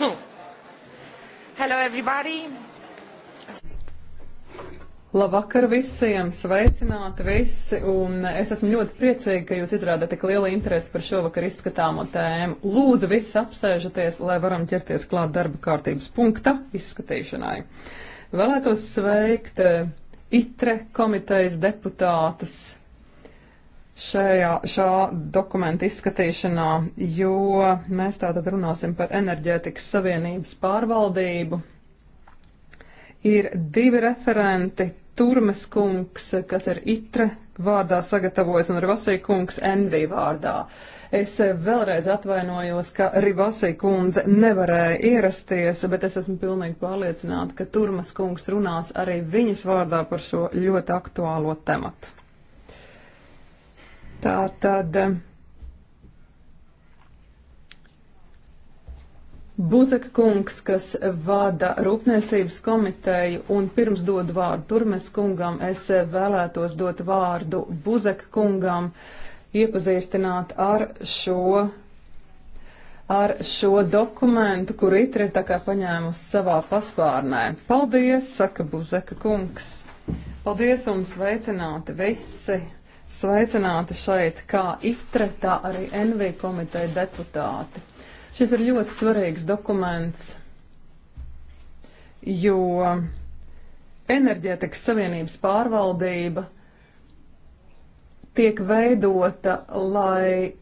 Hello everybody! Labvakar visiem, sveicināti visi, un es esmu ļoti priecīga, ka jūs izrādāt tik lielu interesi par šovakar izskatāmo tēmu. Lūdzu, visi apsēžaties, lai varam ķerties klāt darba kārtības punkta izskatīšanai. Vēlētos sveikt eh, ITRE komitejas deputātus šajā, šā dokumenta izskatīšanā, jo mēs tātad runāsim par enerģētikas savienības pārvaldību. Ir divi referenti, Turmes kungs, kas ir itre vārdā sagatavojis, un Rivasī kungs NV vārdā. Es vēlreiz atvainojos, ka Rivasī kundze nevarēja ierasties, bet es esmu pilnīgi pārliecināta, ka Turmas kungs runās arī viņas vārdā par šo ļoti aktuālo tematu. Tā tad eh, Buzeka kungs, kas vada Rūpniecības komiteju, un pirms dod vārdu Turmes kungam, es eh, vēlētos dot vārdu Buzeka kungam iepazīstināt ar šo, ar šo dokumentu, kur itri ir tā kā paņēmusi savā paspārnē. Paldies, saka Buzeka kungs. Paldies un sveicināti visi! Sveicināti šeit kā ITRE, tā arī NV komiteja deputāti. Šis ir ļoti svarīgs dokuments, jo enerģētikas savienības pārvaldība tiek veidota, lai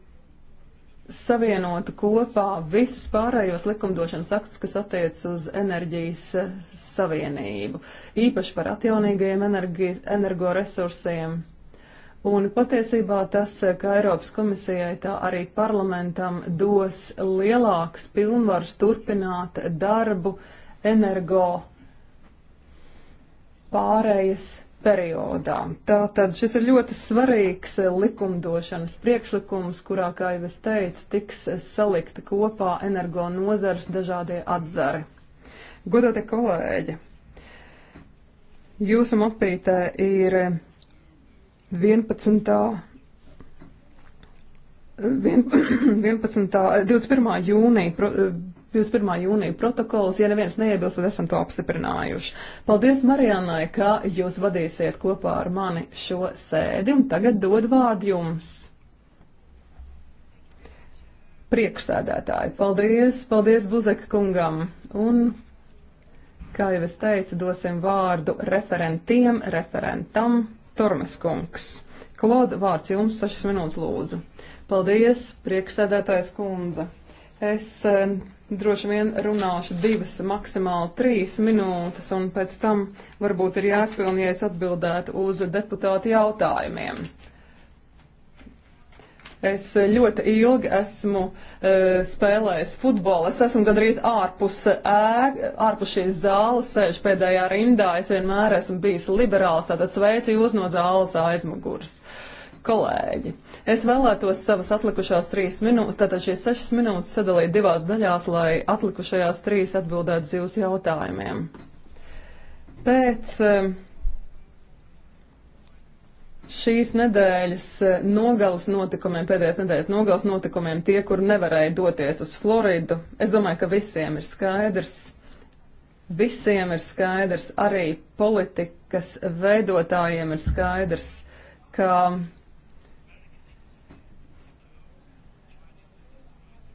savienotu kopā visus pārējos likumdošanas aktus, kas attiec uz enerģijas eh, savienību, īpaši par atjaunīgajiem energi, energoresursiem. Energi Un patiesībā tas, ka Eiropas komisijai tā arī parlamentam dos lielāks pilnvars turpināt darbu energo pārējas periodā. Tātad šis ir ļoti svarīgs likumdošanas priekšlikums, kurā, kā jau es teicu, tiks salikta kopā energo nozars dažādie atzari. Godotie kolēģi, jūsu mapītē ir 11. 11. 21. jūnija, 21. jūnija protokols, ja neviens neiebilst, tad esam to apstiprinājuši. Paldies Marijanai, ka jūs vadīsiet kopā ar mani šo sēdi, un tagad dod vārdu jums priekšsēdētāji. Paldies, paldies Buzeka kungam. Un, kā jau es teicu, dosim vārdu referentiem, referentam. Tormes kungs. Klod, vārds jums, 6 minūtes lūdzu. Paldies, priekšsēdētājs kundze. Es eh, droši vien runāšu divas, maksimāli trīs minūtes, un pēc tam varbūt ir jāatpilnies atbildēt uz deputātu jautājumiem. Es ļoti ilgi esmu e, spēlējis futbolu. Es esmu gandrīz ārpus, ē, ārpus šīs zāles, sēžu pēdējā rindā. Es vienmēr esmu bijis liberāls, tātad sveicu jūs no zāles aizmugures. Kolēģi, es vēlētos savas atlikušās trīs minūtes, tātad šīs sešas minūtes sadalīt divās daļās, lai atlikušajās trīs atbildētu uz jūsu jautājumiem. Pēc uh, e, šīs nedēļas eh, nogalas notikumiem, pēdējās nedēļas nogalas notikumiem, tie, kur nevarēja doties uz Floridu, es domāju, ka visiem ir skaidrs. Visiem ir skaidrs, arī politikas veidotājiem ir skaidrs, ka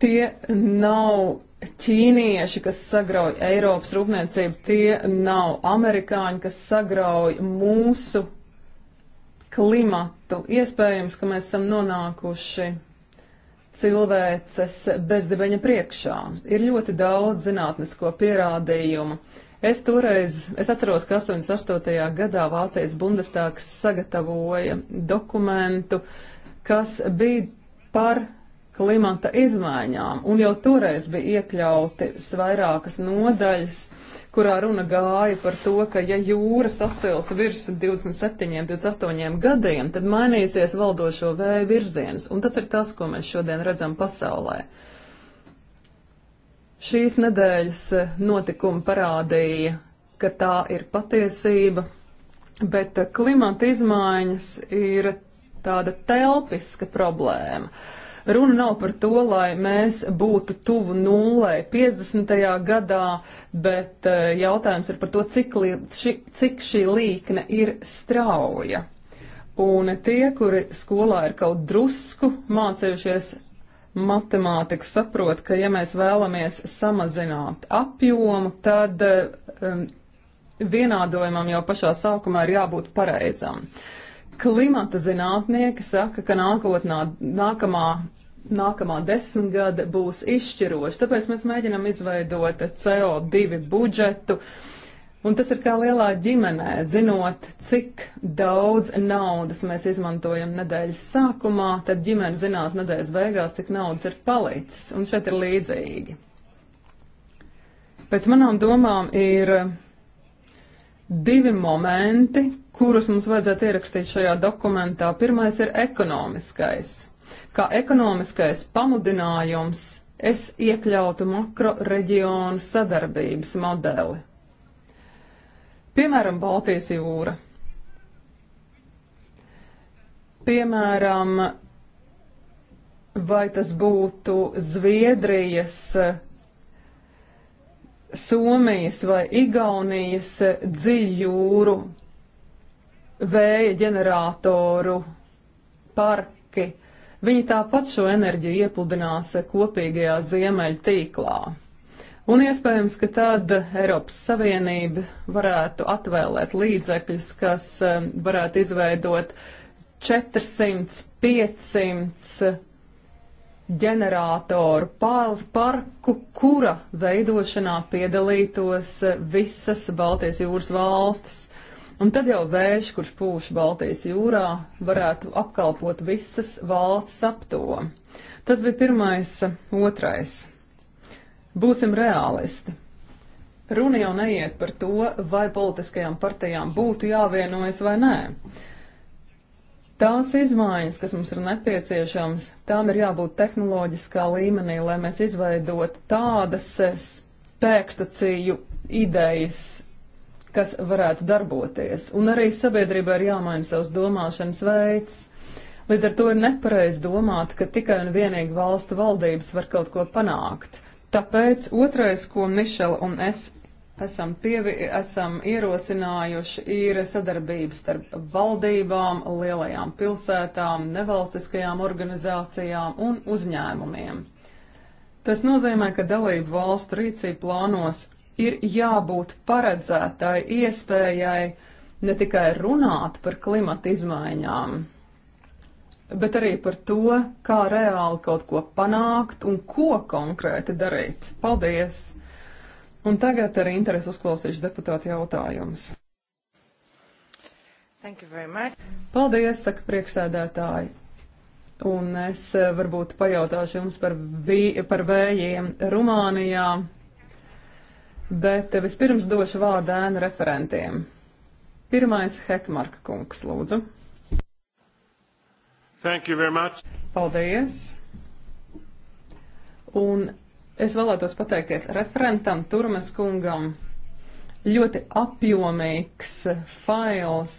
tie nav ķīnieši, kas sagrauj Eiropas rūpniecību, tie nav amerikāņi, kas sagrauj mūsu klimatu. Iespējams, ka mēs esam nonākuši cilvēces bezdibeņa priekšā. Ir ļoti daudz zinātnisko pierādījumu. Es toreiz, es atceros, ka 88. gadā Vācijas Bundestāgs sagatavoja dokumentu, kas bija par klimata izmaiņām, un jau toreiz bija iekļauti vairākas nodaļas uh, kurā runa gāja par to, ka ja jūra sasils virs 27, 28 gadiem, tad mainīsies valdošo vēju virziens, un tas ir tas, ko mēs šodien redzam pasaulē. Šīs nedēļas eh, notikumi parādīja, ka tā ir patiesība, bet eh, klimata izmaiņas ir tāda telpiska problēma. Uh, Runa nav par to, lai mēs būtu tuvu nulē 50. gadā, bet eh, jautājums ir par to, cik, li, ši, cik šī līkne ir strauja. Un tie, kuri skolā ir kaut drusku mācījušies matemātiku saprot, ka ja mēs vēlamies samazināt apjomu, tad um, vienādojumam jau pašā sākumā ir jābūt pareizam. Klimata zinātnieki saka, ka nākotnā, nākamā, nākamā desmitgada būs izšķiroša, tāpēc mēs mēģinam izveidot CO2 budžetu. Un tas ir kā lielā ģimenē, zinot, cik daudz naudas mēs izmantojam nedēļas sākumā, tad ģimene zinās nedēļas beigās, cik naudas ir palicis. Un šeit ir līdzīgi. Pēc manām domām ir divi momenti, kurus mums vajadzētu ierakstīt šajā dokumentā. Pirmais ir ekonomiskais. Kā ekonomiskais pamudinājums es iekļautu makro reģionu sadarbības modeli. Piemēram, Baltijas jūra. Piemēram, vai tas būtu Zviedrijas, Somijas vai Igaunijas dziļjūru vēja ģeneratoru parki. Viņi tāpat šo enerģiju iepludinās kopīgajā ziemeļa tīklā. Un iespējams, ka tad Eiropas Savienība varētu atvēlēt līdzekļus, kas um, varētu izveidot 400, 500 ģeneratoru par, parku, kura veidošanā piedalītos visas Baltijas jūras valstis. Un tad jau vējš, kurš pūš Baltijas jūrā, varētu apkalpot visas valsts ap to. Tas bija pirmais, otrais. Būsim realisti. Runa jau neiet par to, vai politiskajām partijām būtu jāvienojas vai nē. Tās izmaiņas, kas mums ir nepieciešams, tām ir jābūt tehnoloģiskā līmenī, lai mēs izveidotu tādas pēkstacīju idejas kas varētu darboties. Un arī sabiedrībai ir jāmaina savs domāšanas veids. Līdz ar to ir nepareizi domāt, ka tikai un vienīgi valstu valdības var kaut ko panākt. Tāpēc otrais, ko Mišela un es esam, pievi, esam ierosinājuši, ir sadarbības starp valdībām, lielajām pilsētām, nevalstiskajām organizācijām un uzņēmumiem. Tas nozīmē, ka dalību valstu rīcību plānos ir jābūt paredzētai iespējai ne tikai runāt par klimata izmaiņām, bet arī par to, kā reāli kaut ko panākt un ko konkrēti darīt. Paldies! Un tagad ar interesi uzklausīšu deputātu jautājumus. Paldies, saka priekšsēdētāji. Un es eh, varbūt pajautāšu jums par, vī, par vējiem Rumānijā bet vispirms došu vārdu ēnu referentiem. Pirmais Hekmarka kungs, lūdzu. Thank you very much. Paldies. Un es vēlētos pateikties referentam Turmes kungam. Ļoti apjomīgs fails,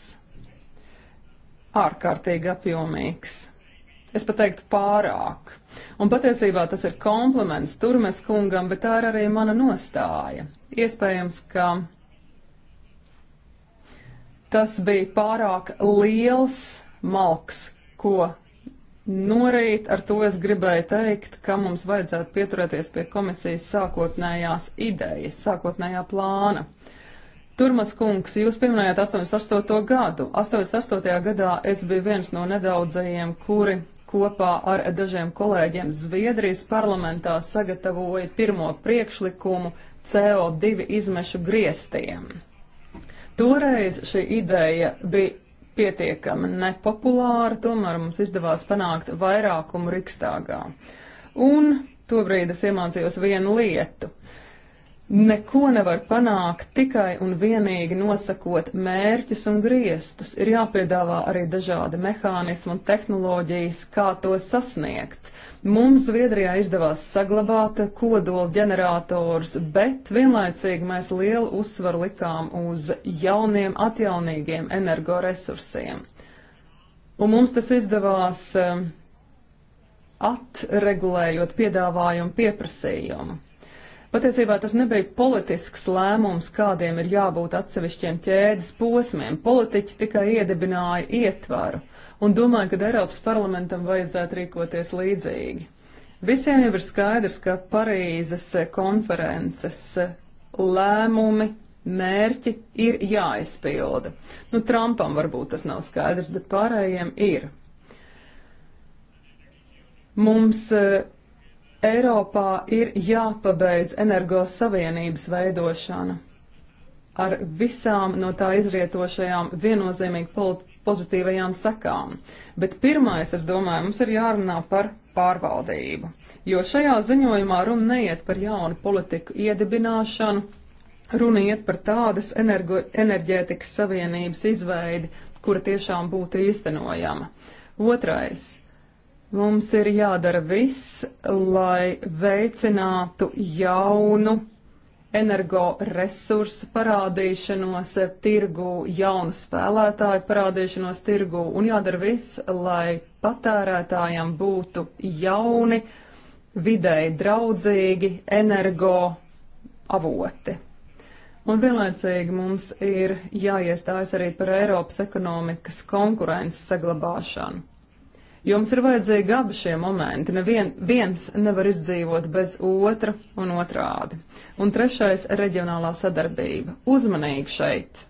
ārkārtīgi apjomīgs. Es pateiktu pārāk. Un patiesībā tas ir kompliments Turmes kungam, bet tā ir arī mana nostāja. Iespējams, ka tas bija pārāk liels malks, ko norīt. Ar to es gribēju teikt, ka mums vajadzētu pieturēties pie komisijas sākotnējās idejas, sākotnējā plāna. Turmas kungs, jūs pieminējāt 88. gadu. 88. gadā es biju viens no nedaudzajiem, kuri kopā ar dažiem kolēģiem Zviedrijas parlamentā sagatavoja pirmo priekšlikumu CO2 izmešu griestiem. Toreiz šī ideja bija pietiekami nepopulāra, tomēr mums izdevās panākt vairākumu Rikstāgā. Un tobrīd es iemācījos vienu lietu. Neko nevar panākt tikai un vienīgi nosakot mērķus un griestus. Ir jāpiedāvā arī dažādi mehānismi un tehnoloģijas, kā to sasniegt. Mums Zviedrijā izdevās saglabāt kodola ģenerators, bet vienlaicīgi mēs lielu uzsvaru likām uz jauniem atjaunīgiem energoresursiem. Un mums tas izdevās eh, atregulējot piedāvājumu pieprasījumu. Patiesībā tas nebija politisks lēmums, kādiem ir jābūt atsevišķiem ķēdes posmiem. Politiķi tikai iedibināja ietvaru un domāju, ka Eiropas parlamentam vajadzētu rīkoties līdzīgi. Visiem jau ir skaidrs, ka Parīzes konferences lēmumi, mērķi ir jāizpilda. Nu, Trumpam varbūt tas nav skaidrs, bet pārējiem ir. Mums eh, Eiropā ir jāpabeidz energos savienības veidošana ar visām no tā izrietošajām viennozīmīgi pozitīvajām sekām. Bet pirmais, es domāju, mums ir jārunā par pārvaldību, jo šajā ziņojumā runa neiet par jaunu politiku iedibināšanu, runa iet par tādas energo, enerģētikas savienības izveidi, kura tiešām būtu īstenojama. Otrais Mums ir jādara viss, lai veicinātu jaunu energoresursu parādīšanos tirgu, jaunu spēlētāju parādīšanos tirgu un jādara viss, lai patērētājiem būtu jauni, vidēji draudzīgi energo avoti. Un vienlaicīgi mums ir jāiestājas arī par Eiropas ekonomikas konkurences saglabāšanu. Jums ir vajadzīgi abi šie momenti. Nevien, viens nevar izdzīvot bez otra un otrādi. Un trešais - reģionālā sadarbība. Uzmanīgi šeit!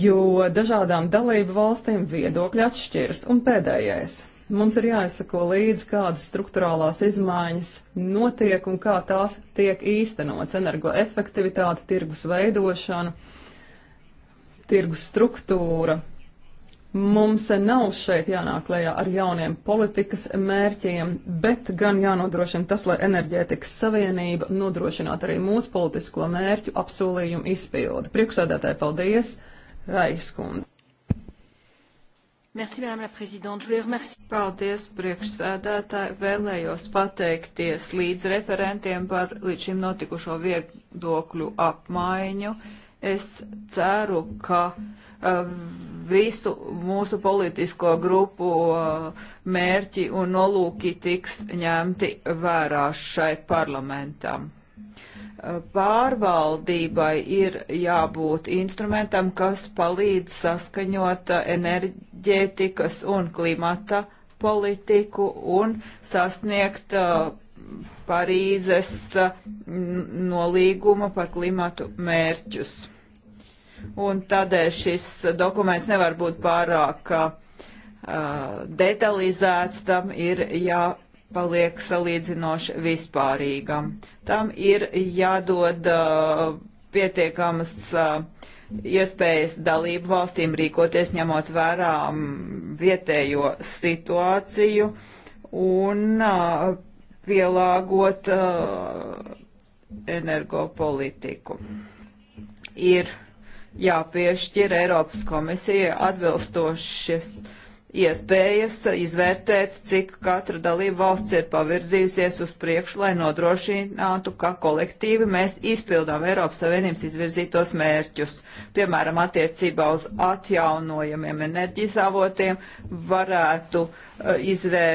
jo dažādām dalību valstīm viedokļi atšķiras. Un pēdējais. Mums ir jāizsako līdzi, kādas struktūrālās izmaiņas notiek un kā tās tiek īstenots - energoefektivitāte, tirgus veidošana, tirgus struktūra, Mums nav šeit jānāk lejā ar jauniem politikas mērķiem, bet gan jānodrošina tas, lai enerģētikas savienība nodrošinātu arī mūsu politisko mērķu apsolījumu izpildi. Priekšsēdētāji, paldies! Raiskundze. Merci, Madame la Présidente. Je voulais remercier. Paldies, priekšsēdētāji. Vēlējos pateikties līdz referentiem par līdz šim notikušo viedokļu apmaiņu. Uh, Es ceru, ka eh, visu mūsu politisko grupu eh, mērķi un nolūki tiks ņemti vērā šai parlamentam. Eh, pārvaldībai ir jābūt instrumentam, kas palīdz saskaņot enerģētikas un klimata politiku un sasniegt Parīzes mm, nolīguma par klimatu mērķus. Un tādēļ šis dokuments nevar būt pārāk uh, detalizēts, tam ir jāpaliek salīdzinoši vispārīgam. Tam ir jādod uh, pietiekamas uh, iespējas dalību valstīm rīkoties, ņemot vērā mm, vietējo situāciju un uh, pielāgot uh, energopolitiku. Ir jāpiešķir Eiropas komisijai atbilstošas iespējas izvērtēt, cik katra dalība valsts ir pavirzījusies uz priekšu, lai nodrošinātu, ka kolektīvi mēs izpildām Eiropas Savienības izvirzītos mērķus. Piemēram, attiecībā uz atjaunojamiem enerģijas avotiem varētu uh, izvē,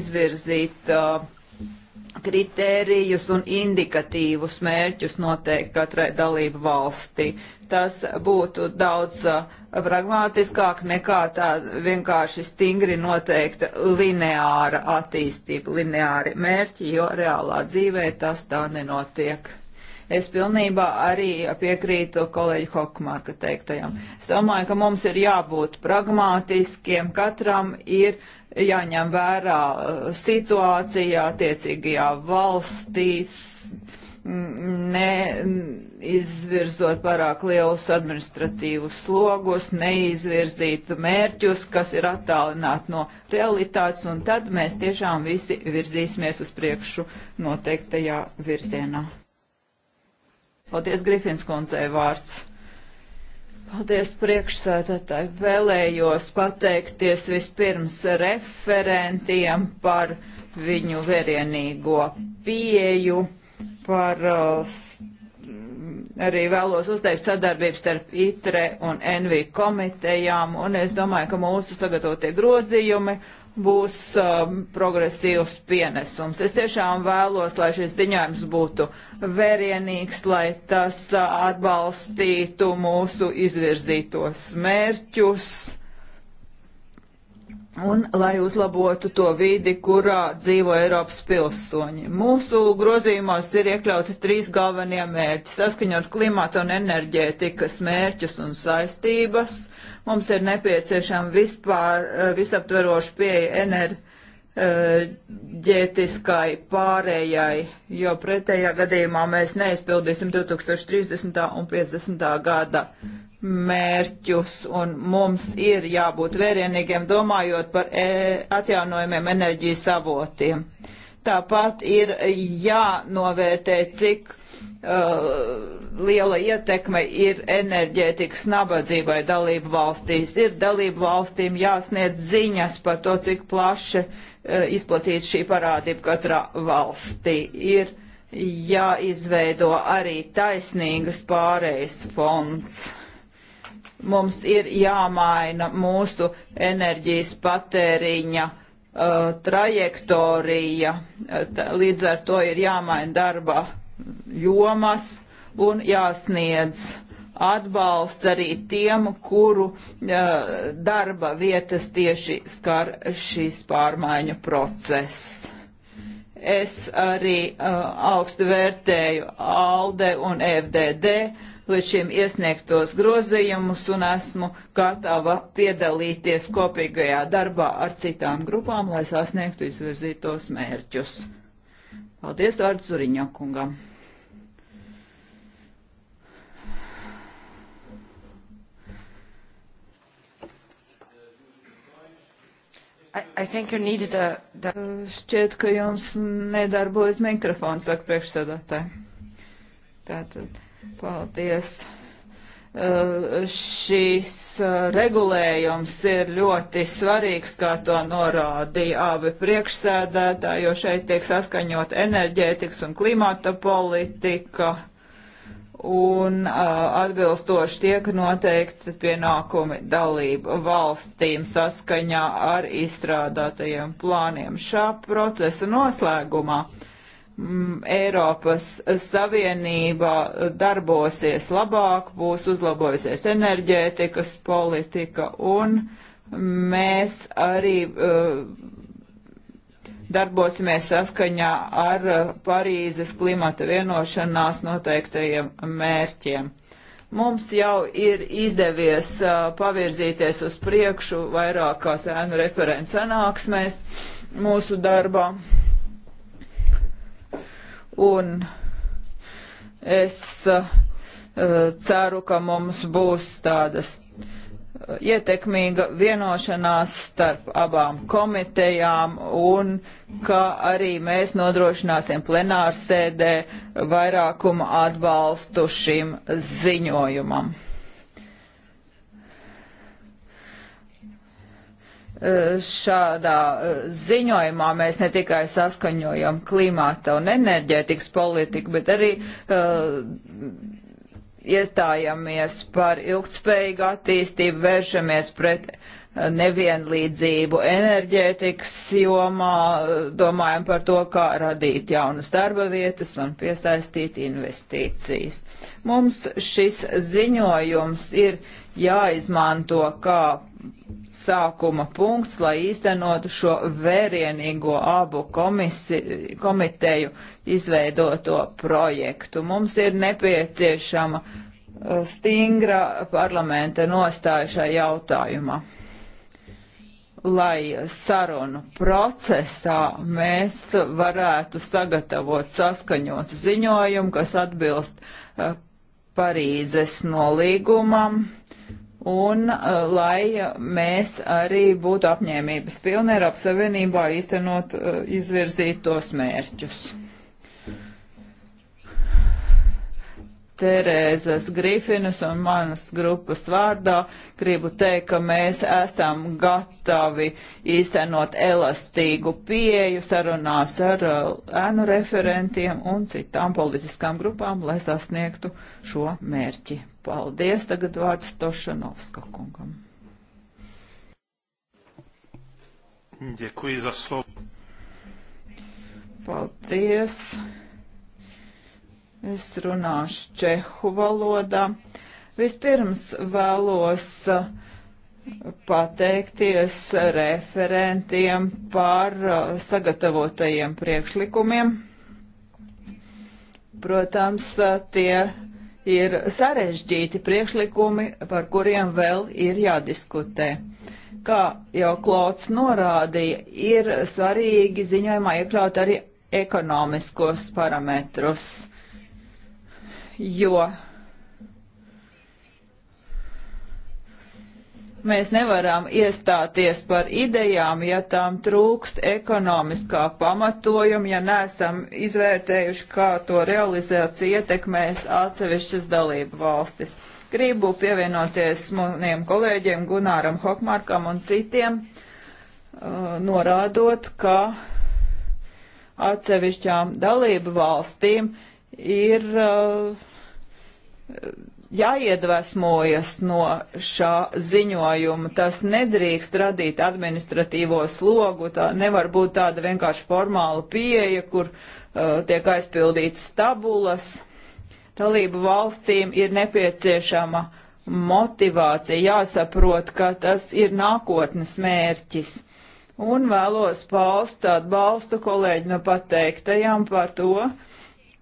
izvirzīt uh, kritērijus un indikatīvus mērķus noteikt katrai dalību valstī. Tas būtu daudz uh, pragmātiskāk nekā tā vienkārši stingri noteikta lineāra attīstība, lineāri mērķi, jo reālā dzīvē tas tā nenotiek. Es pilnībā arī piekrītu kolēģi Hokmārka teiktajam. Es domāju, ka mums ir jābūt pragmātiskiem, katram ir jāņem vērā uh, situācijā, attiecīgajā valstīs mm, neizvirzot pārāk lielus administratīvus slogus, neizvirzīt mērķus, kas ir attālināti no realitātes, un tad mēs tiešām visi virzīsimies uz priekšu noteiktajā virzienā. Paldies, Grifins kundzei vārds. Paldies priekšsēdētāji. Vēlējos pateikties vispirms referentiem par viņu vērienīgo pieju, par uh, arī vēlos uzteikt sadarbību starp ITRE un NV komitejām, un es domāju, ka mūsu sagatavotie grozījumi būs um, progresīvs pienesums. Es tiešām vēlos, lai šis ziņojums būtu vērienīgs, lai tas uh, atbalstītu mūsu izvirzītos mērķus un lai uzlabotu to vidi, kurā dzīvo Eiropas pilsoņi. Mūsu grozījumos ir iekļauti trīs galvenie mērķi - saskaņot klimata un enerģētikas mērķus un saistības Mums ir nepieciešama vispār eh, visaptveroša pieeja enerģētiskai pārējai, jo pretējā gadījumā mēs neizpildīsim 2030. un 50. gada mērķus, un mums ir jābūt vērienīgiem domājot par e atjaunojumiem enerģijas avotiem. Tāpat ir jānovērtē, cik uh, liela ietekme ir enerģētikas nabadzībai dalību valstīs. Ir dalību valstīm jāsniedz ziņas par to, cik plaši uh, izplatīta šī parādība katrā valstī. Ir jāizveido arī taisnīgas pārējas fonds. Mums ir jāmaina mūsu enerģijas patēriņa uh, trajektorija, e, līdz ar to ir jāmaina darba jomas, un jāsniedz atbalsts arī tiem, kuru uh, darba vietas tieši skar šīs pārmaiņu process. Es arī uh, augstu vērtēju ALDE un FDD līdz šim iesniegtos grozījumus un esmu gatava piedalīties kopīgajā darbā ar citām grupām, lai sasniegtu izvirzītos mērķus. Paldies vārdu Zuriņokungam! I, I a, the... Šķiet, ka jums nedarbojas mikrofons, saka priekšsēdētāji. Tātad, paldies. Uh, šīs uh, regulējums ir ļoti svarīgs, kā to norādīja abi priekšsēdētāji, jo šeit tiek saskaņot enerģētikas un klimata politika un uh, atbilstoši tiek noteikti pienākumi dalību valstīm saskaņā ar izstrādātajiem plāniem. Šā procesa noslēgumā mm, Eiropas Savienība darbosies labāk, būs uzlabojusies enerģētikas politika un mēs arī uh, darbosimies saskaņā ar eh, Parīzes klimata vienošanās noteiktajiem mērķiem. Mums jau ir izdevies eh, pavirzīties uz priekšu vairākās ēnu referents sanāksmēs mūsu darbā. Un es eh, ceru, ka mums būs tādas ietekmīga vienošanās starp abām komitejām un ka arī mēs nodrošināsim plenārsēdē vairākumu atbalstu šim ziņojumam. Šādā ziņojumā mēs ne tikai saskaņojam klimāta un enerģētikas politiku, bet arī uh, iestājamies par ilgtspējīgu attīstību, vēršamies pret uh, nevienlīdzību enerģētikas jomā, uh, domājam par to, kā radīt jaunas darba vietas un piesaistīt investīcijas. Mums šis ziņojums ir jāizmanto kā sākuma punkts, lai īstenotu šo vērienīgo abu komisi, komiteju izveidoto projektu. Mums ir nepieciešama e, stingra parlamenta nostāja šajā jautājumā. Lai sarunu procesā mēs varētu sagatavot saskaņotu ziņojumu, kas atbilst e, Parīzes nolīgumam, un uh, lai mēs arī būtu apņēmības pilni Eiropas Savienībā īstenot uh, izvirzītos mērķus. Terēzas Grifinas un manas grupas vārdā gribu teikt, ka mēs esam gatavi īstenot elastīgu pieju sarunās ar uh, ēnu referentiem un citām politiskām grupām, lai sasniegtu šo mērķi. Paldies, tagad vārds Tošanovska kungam. Děkuji za slovo. Paldies. Es runāšu čehu valodā. Vispirms vēlos pateikties referentiem par sagatavotajiem priekšlikumiem. Protams, tie ir sarežģīti priekšlikumi, par kuriem vēl ir jādiskutē. Kā jau Klauds norādīja, ir svarīgi ziņojumā iekļaut arī ekonomiskos parametrus, jo Mēs nevaram iestāties par idejām, ja tām trūkst ekonomiskā pamatojuma, ja neesam izvērtējuši, kā to realizācija ietekmēs atsevišķas dalību valstis. Gribu pievienoties maniem kolēģiem Gunāram Hokmarkam un citiem, uh, norādot, ka atsevišķām dalību valstīm ir uh, jāiedvesmojas no šā ziņojuma. Tas nedrīkst radīt administratīvo slogu, tā nevar būt tāda vienkārši formāla pieeja, kur uh, tiek aizpildītas tabulas. Dalību valstīm ir nepieciešama motivācija, jāsaprot, ka tas ir nākotnes mērķis. Un vēlos paust atbalstu kolēģi no pateiktajām par to,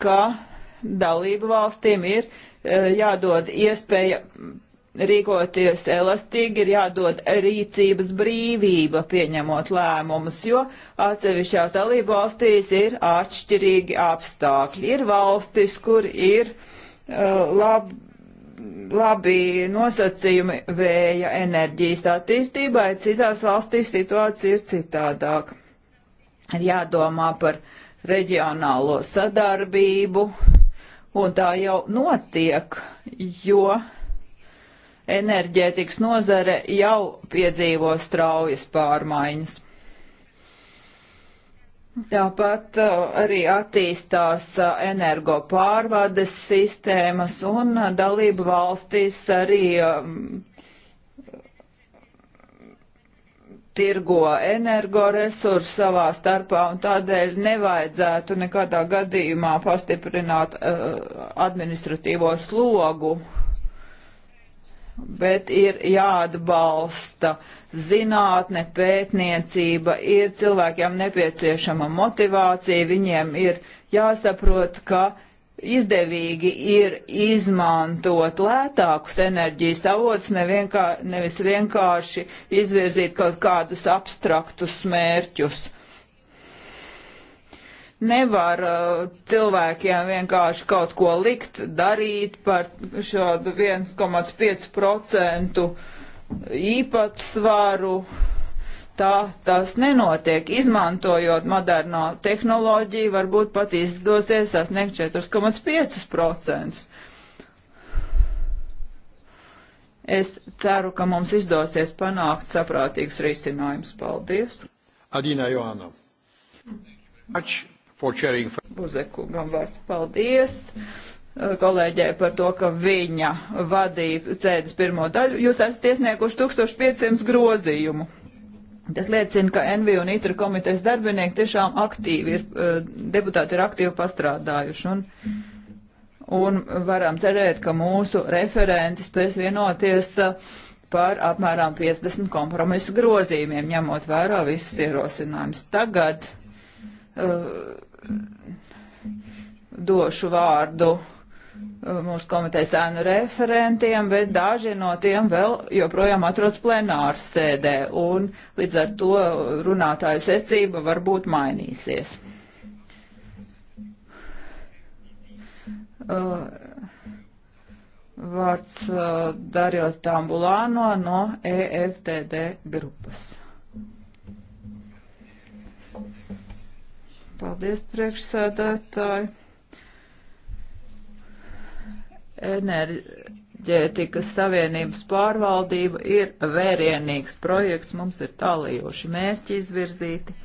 ka dalību valstīm ir E, jādod iespēja rīkoties elastīgi, ir jādod rīcības brīvība pieņemot lēmumus, jo atsevišķās dalību valstīs ir atšķirīgi apstākļi. Ir valstis, kur ir uh, lab, labi nosacījumi vēja enerģijas attīstībai, citās valstīs situācija ir citādāk. Ir jādomā par reģionālo sadarbību, un tā jau notiek, jo enerģētikas nozare jau piedzīvo straujas pārmaiņas. Tāpat uh, arī attīstās uh, energo pārvades sistēmas un uh, dalību valstīs arī um, tirgo energoresursu savā starpā, un tādēļ nevajadzētu nekādā gadījumā pastiprināt uh, administratīvo slogu, bet ir jāatbalsta zinātne, pētniecība, ir cilvēkiem nepieciešama motivācija, viņiem ir jāsaprot, ka uh, izdevīgi ir izmantot lētākus enerģijas avotus, nevienkā, nevis vienkārši izvirzīt kaut kādus abstraktus mērķus. Nevar uh, cilvēkiem vienkārši kaut ko likt, darīt par šādu 1,5% īpatsvaru. Uh, tā tas nenotiek. Izmantojot modernā tehnoloģiju, varbūt pat izdosies sasniegt 4,5%. Es ceru, ka mums izdosies panākt saprātīgus risinājumus. Paldies! Adīna Joana. Buzeku gan vārds. Paldies! Eh, kolēģei par to, ka viņa vadīja cēdes pirmo daļu. Jūs esat iesnieguši 1500 grozījumu. Tas liecina, ka NV un ITRA komitejas darbinieki tiešām aktīvi ir, eh, deputāti ir aktīvi pastrādājuši. Un, un varam cerēt, ka mūsu referenti spēs vienoties eh, par apmēram 50 kompromisu grozījumiem, ņemot vērā visus ierosinājumus. Tagad uh, došu vārdu uh, mūsu komitejas ēnu referentiem, bet daži no tiem vēl joprojām atrodas plenāru sēdē, un līdz ar to runātāju secība varbūt mainīsies. Uh, vārds uh, Dario Tambulāno no EFTD grupas. Paldies, priekšsēdētāji enerģētikas savienības pārvaldība ir vērienīgs projekts, mums ir tālījoši mērķi izvirzīti.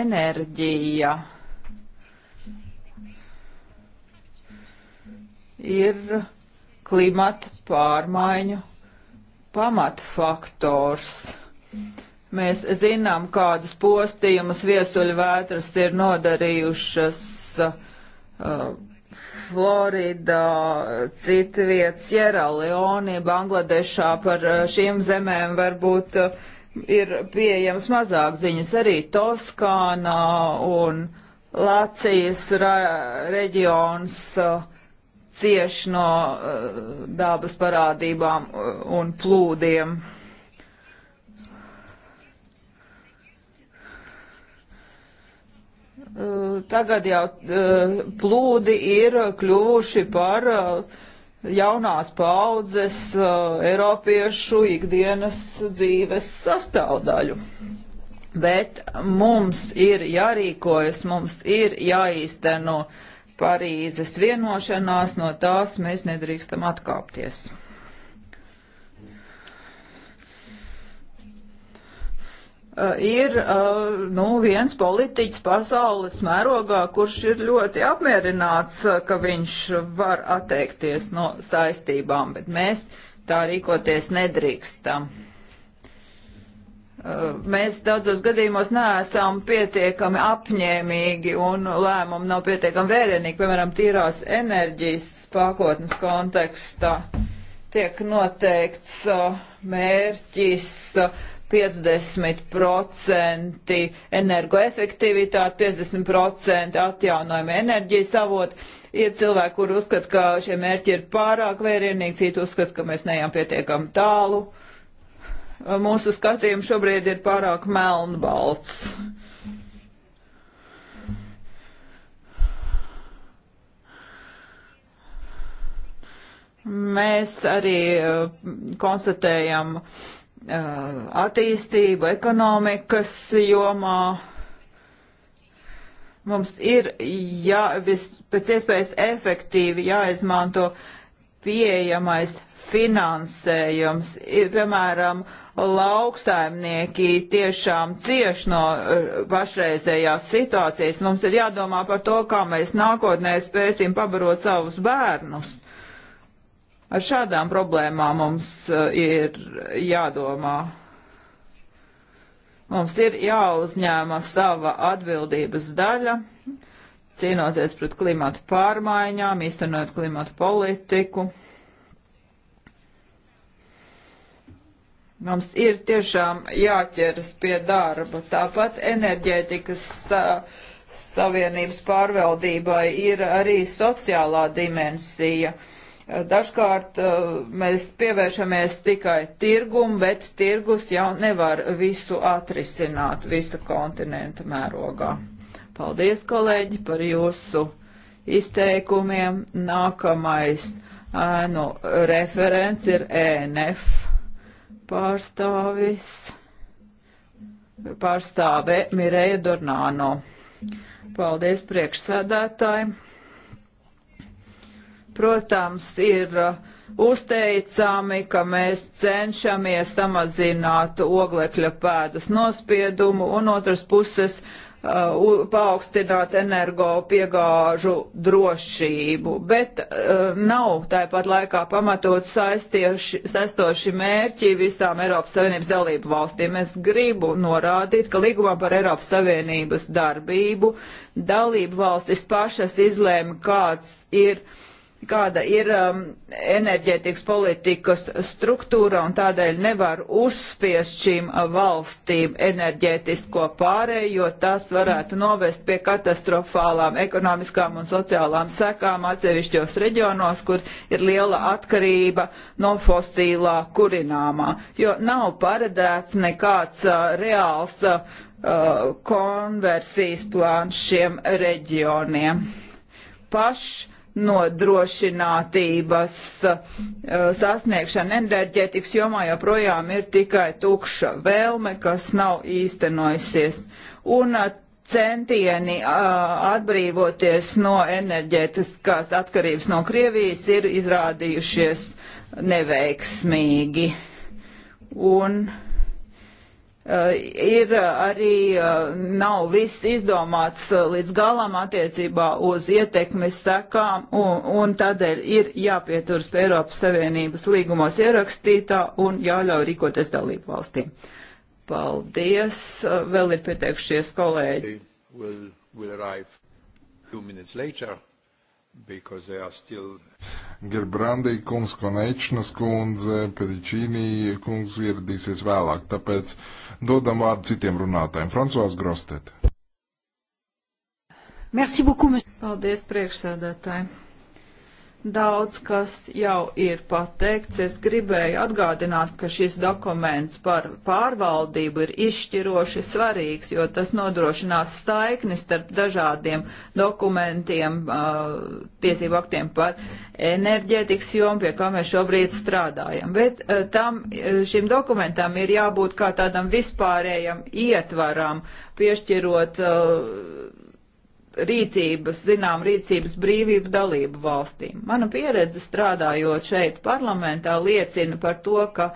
Enerģija ir klimata pārmaiņu pamatfaktors. Mēs zinām, kādus postījumus viesuļvētras ir nodarījušas uh, Uh, Floridā, citvietas, Jeraleoni, Bangladešā par uh, šīm zemēm varbūt uh, ir pieejams mazāk ziņas arī Toskānā un Lācijas reģions cieš no dabas parādībām un plūdiem. Eh, tagad jau eh, plūdi ir kļuvuši par eh, jaunās paudzes Eiropiešu ikdienas dzīves sastāvdaļu. Bet mums ir jārīkojas, mums ir jāīsteno Parīzes vienošanās, no tās mēs nedrīkstam atkāpties. Eh, ir eh, nu, viens politiķis pasaules mērogā, kurš ir ļoti apmierināts, eh, ka viņš var atteikties no saistībām, bet mēs tā rīkoties nedrīkstam. Mēs daudzos gadījumos neesam pietiekami apņēmīgi un lēmumi nav pietiekami vērienīgi, piemēram, tīrās enerģijas pakotnes kontekstā tiek noteikts mērķis 50% energoefektivitāte, 50% atjaunojumi enerģijas avot. Ir cilvēki, kur uzskata, ka šie mērķi ir pārāk vērienīgi, citi uzskata, ka mēs neejam pietiekam tālu. Mūsu skatījumi šobrīd ir pārāk melnbalts. Mēs arī eh, konstatējam uh, Uh, attīstību ekonomikas jomā. Mums ir jā, vis, pēc iespējas efektīvi jāizmanto pieejamais finansējums. Ir, piemēram, lauksaimnieki tiešām cieš no uh, pašreizējās situācijas. Mums ir jādomā par to, kā mēs nākotnē spēsim pabarot savus bērnus. Ar šādām problēmām mums eh, ir jādomā. Mums ir jāuzņēma sava atbildības daļa, cīnoties pret klimatu pārmaiņām, īstenot klimatu politiku. Mums ir tiešām jāķeras pie darba. Tāpat enerģētikas savienības pārvaldībai ir arī sociālā dimensija. Uh, Eh, dažkārt eh, mēs pievēršamies tikai tirgumu, bet tirgus jau nevar visu atrisināt visu kontinentu mērogā. Paldies, kolēģi, par jūsu izteikumiem. Nākamais ēnu referents ir ENF pārstāvis, pārstāve Mireja Dornāno. Paldies priekšsēdētājiem! Protams, ir uh, uzteicami, ka mēs cenšamies samazināt oglekļa pēdas nospiedumu un otras puses uh, paaugstināt energo piegāžu drošību, bet uh, nav tāpat laikā pamatot saistieši, saistoši mērķi visām Eiropas Savienības dalību valstīm. Es gribu norādīt, ka līgumā par Eiropas Savienības darbību dalību valstis pašas izlēma, kāds ir uh, kāda ir um, enerģētikas politikas struktūra un tādēļ nevar uzspiest šīm uh, valstīm enerģētisko pārēju, jo tas varētu novest pie katastrofālām ekonomiskām un sociālām sekām atsevišķos reģionos, kur ir liela atkarība no fosīlā kurināmā, jo nav paredzēts nekāds uh, reāls uh, uh konversijas plāns šiem reģioniem. Paši nodrošinātības eh, sasniegšana enerģētikas jomā joprojām ir tikai tukša vēlme, kas nav īstenojusies. Un eh, centieni eh, atbrīvoties no enerģētiskās atkarības no Krievijas ir izrādījušies neveiksmīgi. Un Eh, ir eh, arī eh, nav viss izdomāts līdz galam attiecībā uz ietekmes sekām, un, un tādēļ ir jāpieturas pie Eiropas Savienības līgumos ierakstītā un jāļauj rīkoties dalību valstīm. Paldies! Vēl ir pieteikušies kolēģi. Will, will Still... Gerbrandī kungs, Konečnas kundze, Pedičīnī kungs ieradīsies vēlāk, tāpēc dodam vārdu citiem runātājiem. Francois Grostet. Merci beaucoup, monsieur. Paldies priekšsēdētāji. Daudz kas jau ir pateikts. Es gribēju atgādināt, ka šis dokuments par pārvaldību ir izšķiroši svarīgs, jo tas nodrošinās saiknis starp dažādiem dokumentiem, uh, tiesību aktiem par enerģētikas jomu, pie kā mēs šobrīd strādājam. Bet uh, tam, uh, šim dokumentam ir jābūt kā tādam vispārējam ietvaram, piešķirot rīcības, zinām, rīcības brīvību dalību valstīm. Mana pieredze strādājot šeit parlamentā liecina par to, ka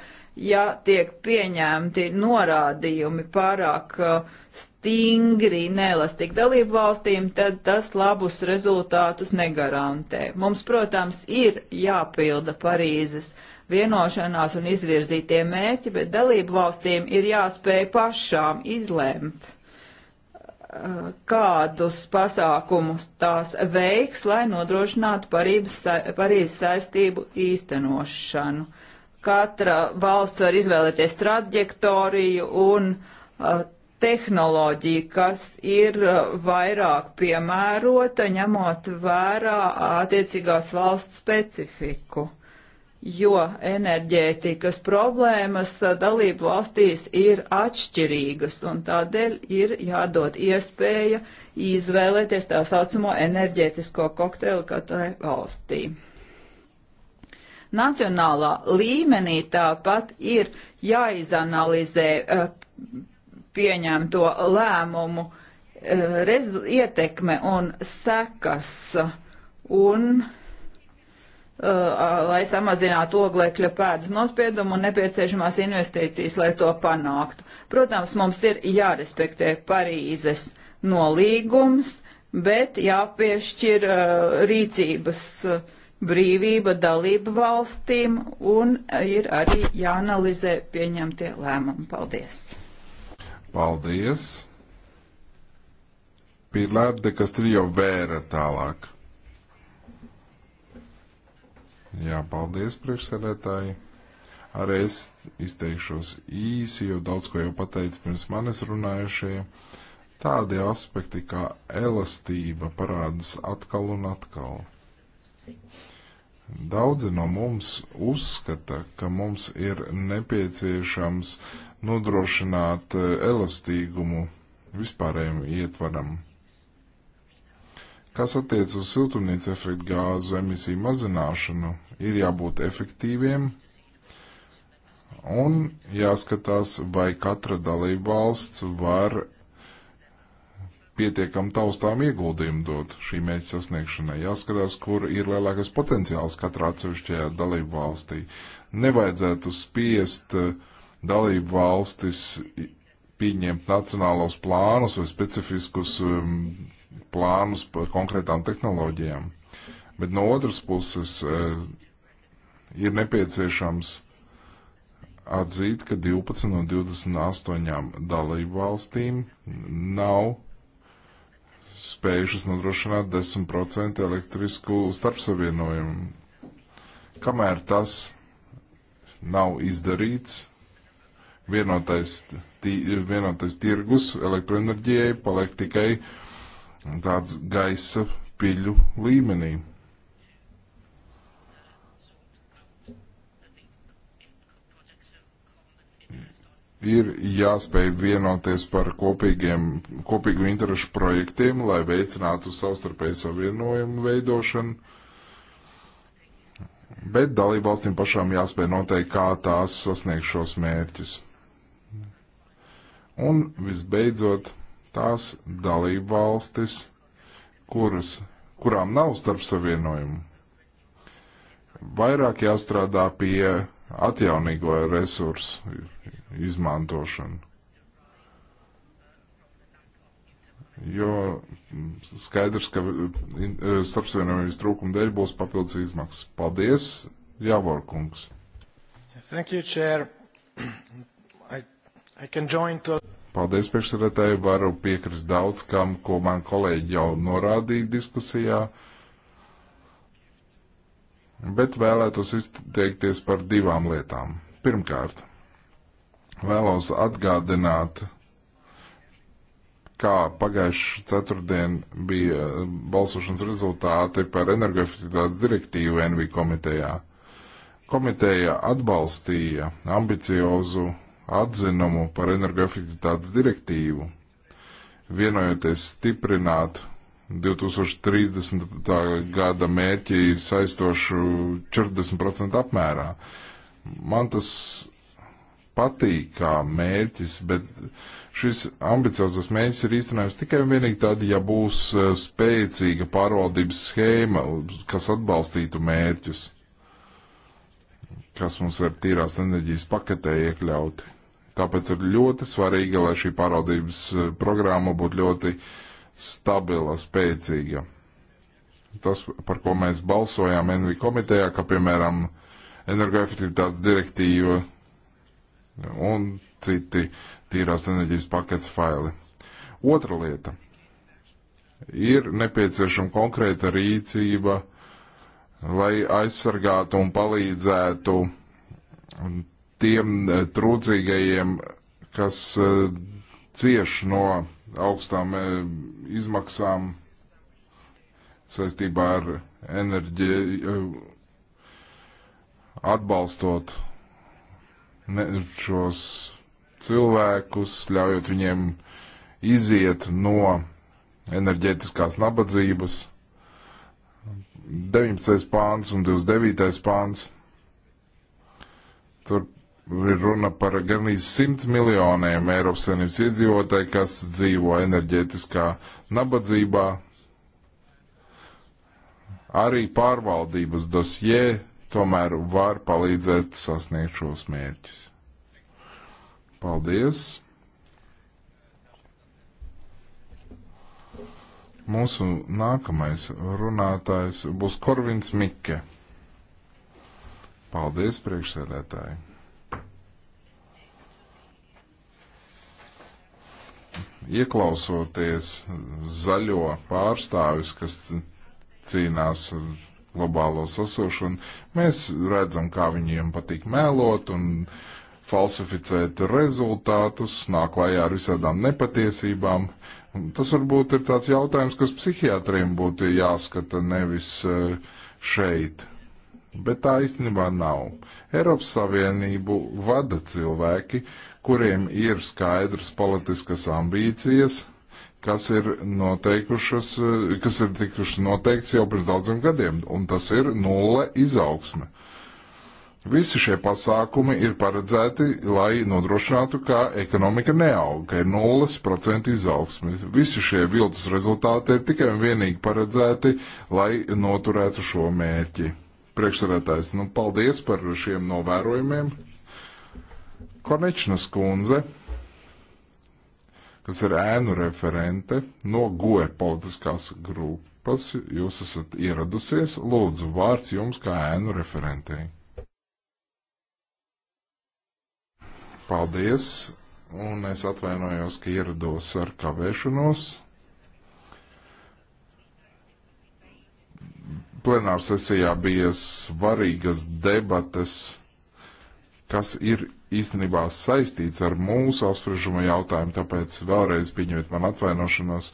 ja tiek pieņemti norādījumi pārāk uh, stingri, nelastīgi dalību valstīm, tad tas labus rezultātus negarantē. Mums, protams, ir jāpilda Parīzes vienošanās un izvirzītie mērķi, bet dalību valstīm ir jāspēj pašām izlēmt kādus pasākumus tās veiks, lai nodrošinātu Parīzes saistību īstenošanu. Katra valsts var izvēlēties trajektoriju un uh, tehnoloģiju, kas ir vairāk piemērota, ņemot vērā attiecīgās valsts specifiku jo enerģētikas problēmas uh, dalību valstīs ir atšķirīgas, un tādēļ ir jādod iespēja izvēlēties tā saucamo enerģētisko kokteili katrai valstī. Nacionālā līmenī tāpat ir jāizanalizē uh, pieņemto lēmumu uh, ietekme un sekas, un uh, Uh, lai samazinātu oglekļa pēdas nospiedumu un nepieciešamās investīcijas, lai to panāktu. Protams, mums ir jārespektē Parīzes nolīgums, bet jāpiešķir uh, rīcības uh, brīvība dalību valstīm un ir arī jāanalizē pieņemtie lēmumi. Paldies! Paldies! Pilar de Castillo Vera tālāk. Jā, paldies priekšsēdētāji. Arī es izteikšos īsi, jo daudz ko jau pateicu pirms manis runājušie. Tādi aspekti kā elastība parādās atkal un atkal. Daudzi no mums uzskata, ka mums ir nepieciešams nodrošināt elastīgumu vispārējiem ietvaram Kas attiec uz siltumnīca efektu gāzu emisiju mazināšanu, ir jābūt efektīviem un jāskatās, vai katra dalība valsts var pietiekam taustām ieguldījumu dot šī mērķa sasniegšanai. Jāskatās, kur ir lielākais potenciāls katrā atsevišķajā dalību valstī. Nevajadzētu spiest eh, dalību valstis pieņemt nacionālos plānus vai specifiskus um, plānus par konkrētām tehnoloģijām. Bet no otras puses e, ir nepieciešams atzīt, ka 12 no 28 dalību valstīm nav spējušas nodrošināt 10% elektrisku starpsavienojumu. Kamēr tas nav izdarīts, vienotais, tī, vienotais tirgus elektroenerģijai paliek tikai uh, tāds gaisa piļu līmenī. Ir jāspēj vienoties par kopīgiem, kopīgu interešu projektiem, lai veicinātu savstarpēju savienojumu veidošanu, bet dalībvalstīm pašām jāspēj noteikt, kā tās sasniegšos mērķus. Un visbeidzot, tās dalību valstis, kuras, kurām nav starp savienojumu. Vairāk jāstrādā pie atjaunīgo resursu izmantošanu. Jo skaidrs, ka starpsavienojums trūkuma dēļ būs papildus izmaksas. Paldies, Jāvor kungs. Thank you, Chair. I, I can join to... Paldies, priekšsēdētāji. Varu piekrist daudz kam, ko man kolēģi jau norādīja diskusijā. Bet vēlētos izteikties par divām lietām. Pirmkārt, vēlos atgādināt, kā pagājušā ceturtdien bija eh, balsošanas rezultāti par energoefektivitātes direktīvu NV komitejā. Komiteja atbalstīja ambiciozu atzinumu par energoefektivitātes direktīvu, vienojoties stiprināt 2030. gada mērķi saistošu 40% apmērā. Man tas patīk kā mērķis, bet šis ambiciozas mērķis ir īstenojams tikai un vienīgi tad, ja būs e, spēcīga pārvaldības schēma, kas atbalstītu mērķus, kas mums ir tīrās enerģijas paketē iekļauti. Tāpēc ir ļoti svarīgi, lai šī pāraudības eh, programma būtu ļoti stabila, spēcīga. Tas, par ko mēs balsojām NV komitejā, ka, piemēram, energoefektivitātes direktīva un citi tīrās enerģijas paketes faili. Otra lieta ir nepieciešama konkrēta rīcība, lai aizsargātu un palīdzētu tiem eh, trūcīgajiem, kas eh, cieš no augstām eh, izmaksām saistībā ar enerģiju, atbalstot šos cilvēkus, ļaujot viņiem iziet no enerģētiskās nabadzības. 19. pāns un 29. pāns. Tur ir runa par gandrīz 100 miljoniem Eiropas Savienības iedzīvotāju, kas dzīvo enerģētiskā nabadzībā. Arī pārvaldības dosjē tomēr var palīdzēt sasniegt šos mērķus. Paldies! Mūsu nākamais runātājs būs Korvins Mikke. Paldies, priekšsēdētāji! ieklausoties zaļo pārstāvis, kas cīnās ar globālo sasilšanu, mēs redzam, kā viņiem patīk mēlot un falsificēt rezultātus, nāk klajā ar visādām nepatiesībām. Tas varbūt ir tāds jautājums, kas psihiatriem būtu jāskata nevis eh, šeit bet tā īstenībā nav. Eiropas Savienību vada cilvēki, kuriem ir skaidrs politiskas ambīcijas, kas ir noteikušas, kas ir tikušas noteikts jau pirms daudziem gadiem, un tas ir nulle izaugsme. Visi šie pasākumi ir paredzēti, lai nodrošinātu, ka ekonomika neaug, ka ir 0% izaugsme. Visi šie viltus rezultāti ir tikai un vienīgi paredzēti, lai noturētu šo mērķi. Priekšsarētājs, nu, paldies par šiem novērojumiem. Konečnas kundze, kas ir ēnu referente no GOE politiskās grupas, jūs esat ieradusies. Lūdzu, vārds jums kā ēnu referentei. Paldies, un es atvainojos, ka ierados ar kavēšanos. plenāra sesijā bija svarīgas debates, kas ir īstenībā saistīts ar mūsu apspriežamo jautājumu, tāpēc vēlreiz pieņemiet man atvainošanos.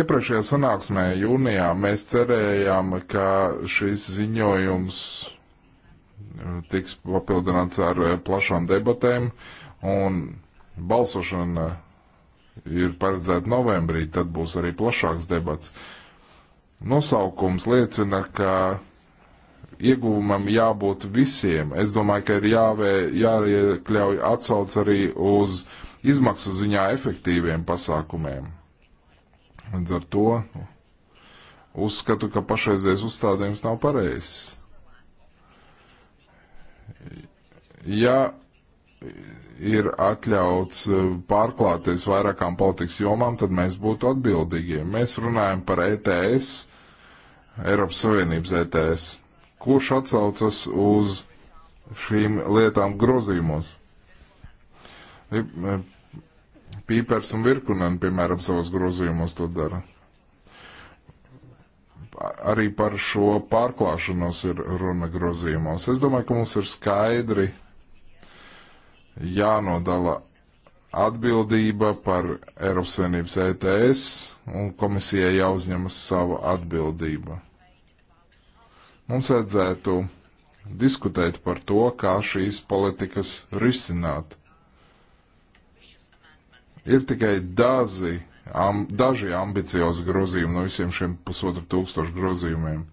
Iepriekšējā sanāksmē jūnijā mēs cerējām, ka šis ziņojums eh, tiks papildināts ar eh, plašām debatēm un balsošana eh, ir paredzēta novembrī, tad būs arī plašāks debats. Uh, Nosaukums liecina, ka ieguvumam jābūt visiem. Es domāju, ka ir jāvē, jāiekļauj atsauc arī uz izmaksu ziņā efektīviem pasākumiem. Līdz ar to uzskatu, ka pašreizējais uzstādījums nav pareizs. Ja ir atļauts eh, pārklāties vairākām politikas jomām, tad mēs būtu atbildīgie. Mēs runājam par ETS, Eiropas Savienības ETS, kurš atsaucas uz šīm lietām grozījumos. E, e, Pīpers un Virkunen, piemēram, savos grozījumos to dara. Arī par šo pārklāšanos ir runa grozījumos. Es domāju, ka mums ir skaidri jānodala atbildība par Eiropas Savienības ETS, un komisijai jāuzņemas sava atbildība. Mums vajadzētu diskutēt par to, kā šīs politikas risināt. Ir tikai dazi, am, daži ambiciozi grozījumi no visiem šiem pusotra tūkstošu grozījumiem.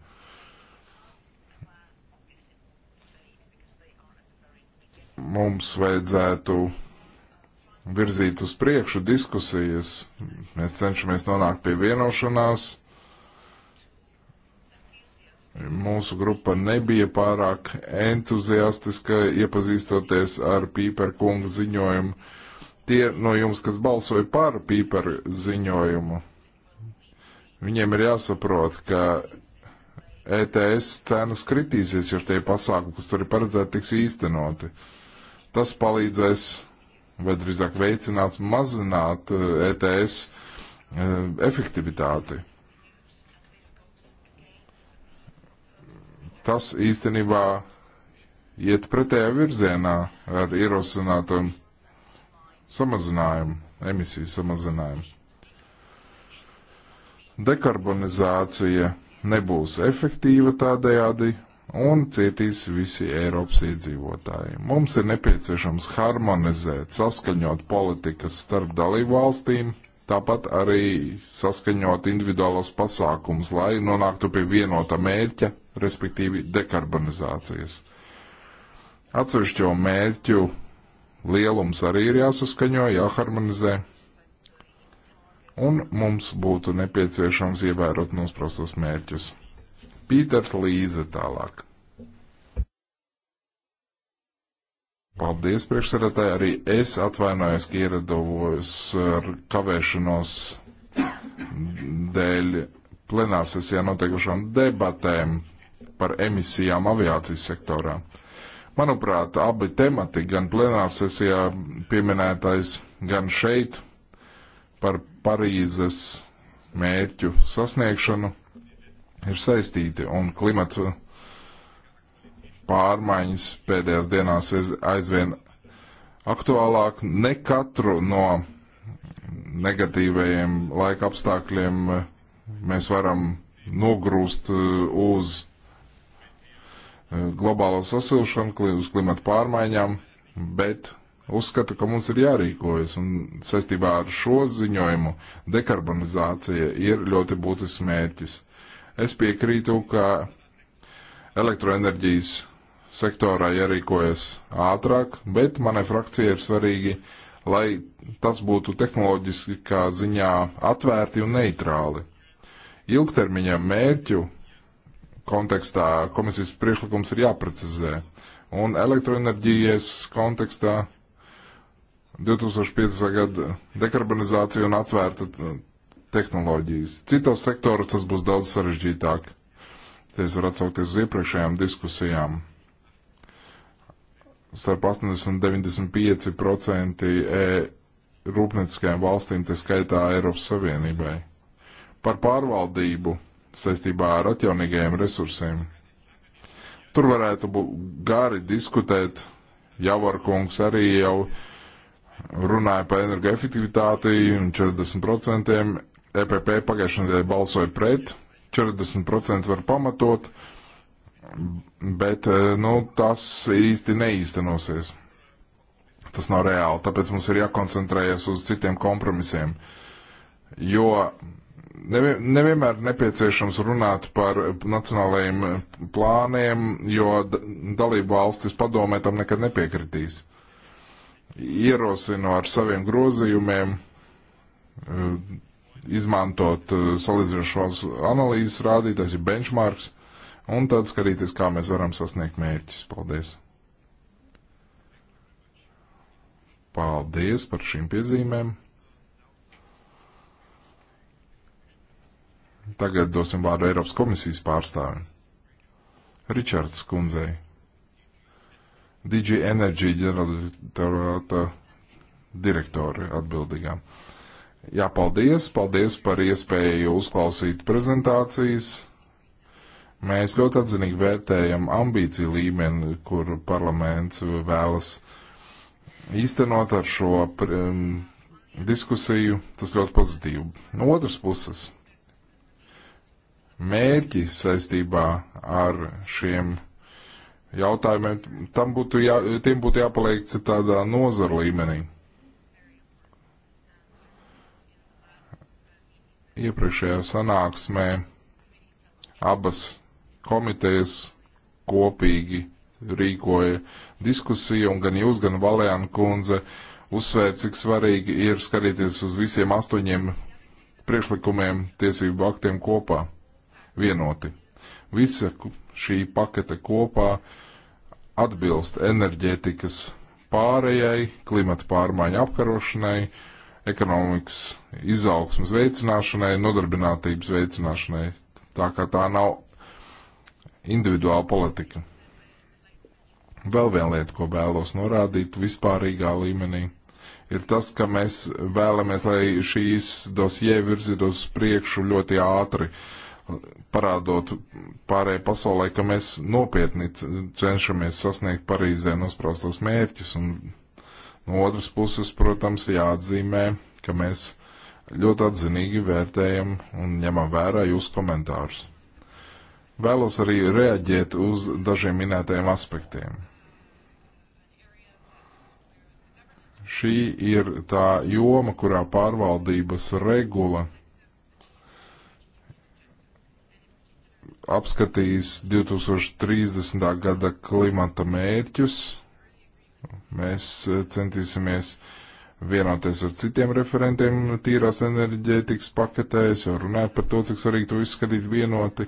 mums vajadzētu virzīt uz priekšu diskusijas. Mēs cenšamies nonākt pie vienošanās. Mūsu grupa nebija pārāk entuziastiska iepazīstoties ar Pīperkunga ziņojumu. Tie no jums, kas balsoja par Pīper ziņojumu, viņiem ir jāsaprot, ka ETS cenas kritīsies, ja tie pasākumi, kas tur ir paredzēti, tiks īstenoti. Uh, Tas palīdzēs, vai drīzāk veicinās, mazināt ETS eh, e eh, efektivitāti. Tas īstenībā iet pretējā virzienā ar ierosinātu samazinājumu, emisiju samazinājumu. Dekarbonizācija nebūs efektīva tādējādi, un cietīs visi Eiropas iedzīvotāji. Mums ir nepieciešams harmonizēt, saskaņot politikas starp dalību valstīm, tāpat arī saskaņot individuālos pasākums, lai nonāktu pie vienota mērķa, respektīvi dekarbonizācijas. Atsevišķo mērķu lielums arī ir jāsaskaņo, jāharmonizē, un mums būtu nepieciešams ievērot nosprostos mērķus. Pīters Līze tālāk. Paldies, priekšsarētāji. Arī es atvainojos, ka ieradovos ar kavēšanos dēļ plenāsesijā notiekušām debatēm par emisijām aviācijas sektorā. Manuprāt, abi temati, gan plenārsesijā pieminētais, gan šeit par Parīzes mērķu sasniegšanu, ir saistīti, un klimata pārmaiņas pēdējās dienās ir aizvien aktuālāk. Ne katru no negatīvajiem laika apstākļiem eh, mēs varam nogrūst eh, uz eh, globālo sasilšanu, uz klimata pārmaiņām, bet uzskata, ka mums ir jārīkojas, un saistībā ar šo ziņojumu dekarbonizācija ir ļoti būtisks mērķis. Es piekrītu, ka elektroenerģijas sektorā jārīkojas ātrāk, bet manai frakcijai ir svarīgi, lai tas būtu tehnoloģiskā ziņā atvērti un neitrāli. Ilgtermiņa mērķu kontekstā komisijas priekšlikums ir jāprecizē, un elektroenerģijas kontekstā 2050. gada dekarbonizācija un atvērta tehnoloģijas. Citos sektoros tas būs daudz sarežģītāk. Te es varu atsaukties uz iepriekšējām diskusijām. Starp 80 un 95% e rūpnieciskajām valstīm, te skaitā Eiropas Savienībai. Par pārvaldību saistībā ar atjaunīgajiem resursiem. Tur varētu būt gari diskutēt. Javarkungs arī jau runāja par energoefektivitāti un 40%. EPP pagājušajā nedēļā balsoja pret, 40% var pamatot, bet e, nu, tas īsti neīstenosies. Tas nav reāli, tāpēc mums ir jākoncentrējas uz citiem kompromisiem. Jo nevien, nevienmēr nepieciešams runāt par nacionālajiem plāniem, jo dalību valstis padomē tam nekad nepiekritīs. Ierosinu ar saviem grozījumiem e, izmantot uh, salīdzinošos analīzes rādītājs, ja benchmarks, un tad skatīties, kā mēs varam sasniegt mērķus. Paldies! Paldies par šīm piezīmēm! Tagad dosim vārdu Eiropas komisijas pārstāvim. Ričards Kundzei. DG Energy ģenerāldirektora direktori atbildīgām. Jā, paldies, paldies par iespēju uzklausīt prezentācijas. Mēs ļoti atzinīgi vērtējam ambīciju līmeni, kur parlaments vēlas īstenot ar šo um, diskusiju. Tas ļoti pozitīvi. No otras puses, mērķi saistībā ar šiem jautājumiem, tam būtu jā, tiem būtu jāpaliek tādā nozara līmenī Iepriekšējā sanāksmē abas komitejas kopīgi rīkoja diskusiju, un gan jūs, gan Valēna kundze uzsvēra, cik svarīgi ir skatīties uz visiem astoņiem priekšlikumiem tiesību aktiem kopā, vienoti. Visa šī pakete kopā atbilst enerģētikas pārējai, klimata pārmaiņu apkarošanai, uh, ekonomikas izaugsmas veicināšanai, nodarbinātības veicināšanai. Tā kā tā nav individuāla politika. Vēl viena lieta, ko vēlos norādīt vispārīgā līmenī, ir tas, ka mēs vēlamies, lai šīs dosie virzītos uz priekšu ļoti ātri, parādot pārējai pasaulē, ka mēs nopietni cenšamies sasniegt Parīzē nospraustos mērķus un No otras puses, protams, jāatzīmē, ka mēs ļoti atzinīgi vērtējam un ņemam vērā jūsu komentārus. Vēlos arī reaģēt uz dažiem minētajiem aspektiem. Šī ir tā joma, kurā pārvaldības regula apskatīs 2030. gada klimata mērķus Mēs eh, centīsimies vienoties ar citiem referentiem tīrās enerģētikas paketē. Es jau runāju par to, cik svarīgi to izskatīt vienoti.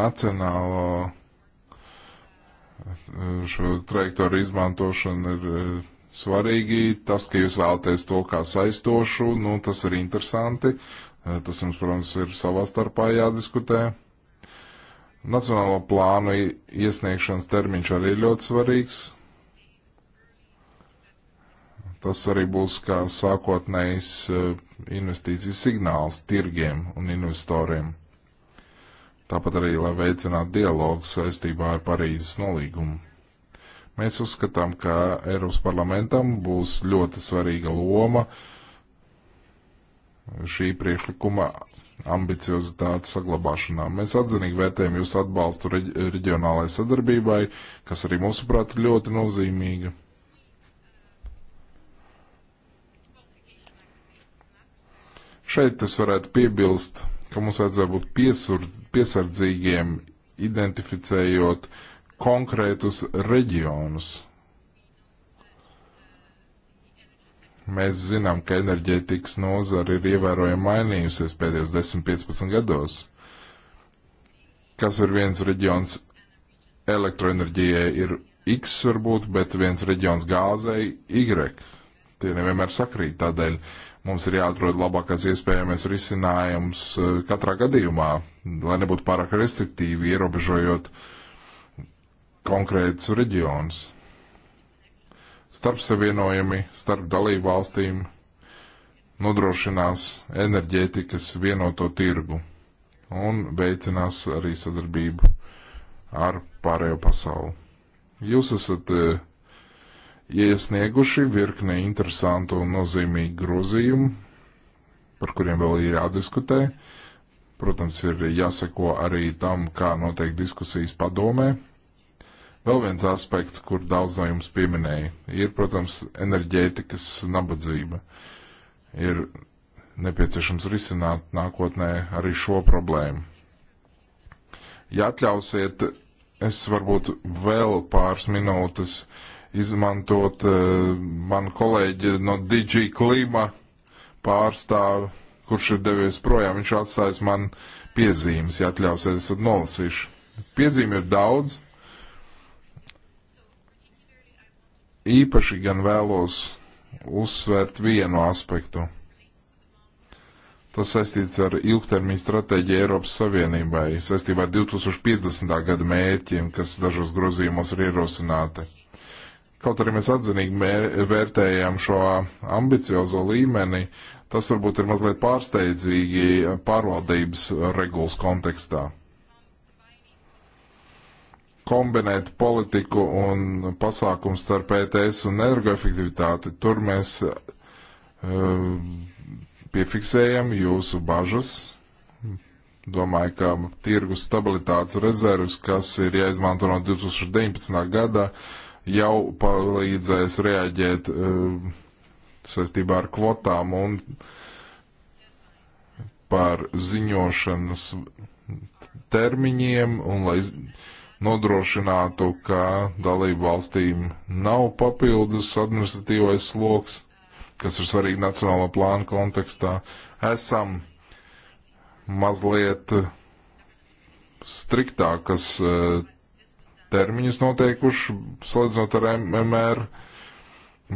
Nacionālo eh, šo trajektoru izmantošana ir eh, svarīgi. Tas, ka jūs vēlaties to kā saistošu, nu, tas ir interesanti. Tas mums, protams, ir savā starpā jādiskutē. Nacionālo plānu iesniegšanas termiņš arī ir ļoti svarīgs. Tas arī būs kā sākotnējs eh, investīciju signāls tirgiem un investoriem. Tāpat arī, lai veicinātu dialogu saistībā ar Parīzes nolīgumu. Mēs uzskatām, ka Eiropas parlamentam būs ļoti svarīga loma šī priekšlikuma ambiciozitātes saglabāšanā. Mēs atzinīgi vērtējam jūsu atbalstu reģ reģionālajai sadarbībai, kas arī mūsuprāt ir ļoti nozīmīga. Šeit es varētu piebilst, ka mums vajadzētu būt piesur, piesardzīgiem, identificējot konkrētus reģionus Mēs zinām, ka enerģētikas nozara ir ievērojami mainījusies pēdējos 10-15 gados. Kas ir viens reģions elektroenerģijai ir X varbūt, bet viens reģions gāzei Y. Tie nevienmēr sakrīt, tādēļ mums ir jāatrod labākais iespējamais risinājums eh, katrā gadījumā, lai nebūtu pārāk restriktīvi ierobežojot konkrētus reģionus starpsavienojami starp dalību valstīm nodrošinās enerģētikas vienoto tirgu un veicinās arī sadarbību ar pārējo pasauli. Jūs esat eh, iesnieguši virkni interesantu un nozīmīgu grozījumu, par kuriem vēl ir jādiskutē. Protams, ir jāseko arī tam, kā notiek diskusijas padomē, Vēl viens aspekts, kur daudz no jums pieminēja, ir, protams, enerģētikas nabadzība. Ir nepieciešams risināt nākotnē arī šo problēmu. Ja atļausiet, es varbūt vēl pāris minūtes izmantot uh, eh, manu kolēģi no DG klima pārstāvi, kurš ir devies projām. Viņš atstājis man piezīmes, ja atļausiet, tad nolasīšu. Piezīme ir daudz īpaši gan vēlos uzsvērt vienu aspektu. Tas saistīts ar ilgtermiņa stratēģiju Eiropas Savienībai, saistībā ar 2050. gada mērķiem, kas dažos grozījumos ir ierosināti. Kaut arī mēs atzinīgi mēr, vērtējām šo ambiciozo līmeni, tas varbūt ir mazliet pārsteidzīgi pārvaldības regulas kontekstā kombinēt politiku un pasākums starp ETS un energoefektivitāti. Tur mēs uh, piefiksējam jūsu bažas. Domāju, ka tirgus stabilitātes rezervs, kas ir jāizmanto no 2019. gada, jau palīdzēs reaģēt uh, saistībā ar kvotām un par ziņošanas termiņiem un lai nodrošinātu, ka dalību valstīm nav papildus administratīvais sloks, kas ir svarīgi nacionālā plāna kontekstā. Esam mazliet striktākas e, termiņus noteikuši, salīdzinot ar MMR,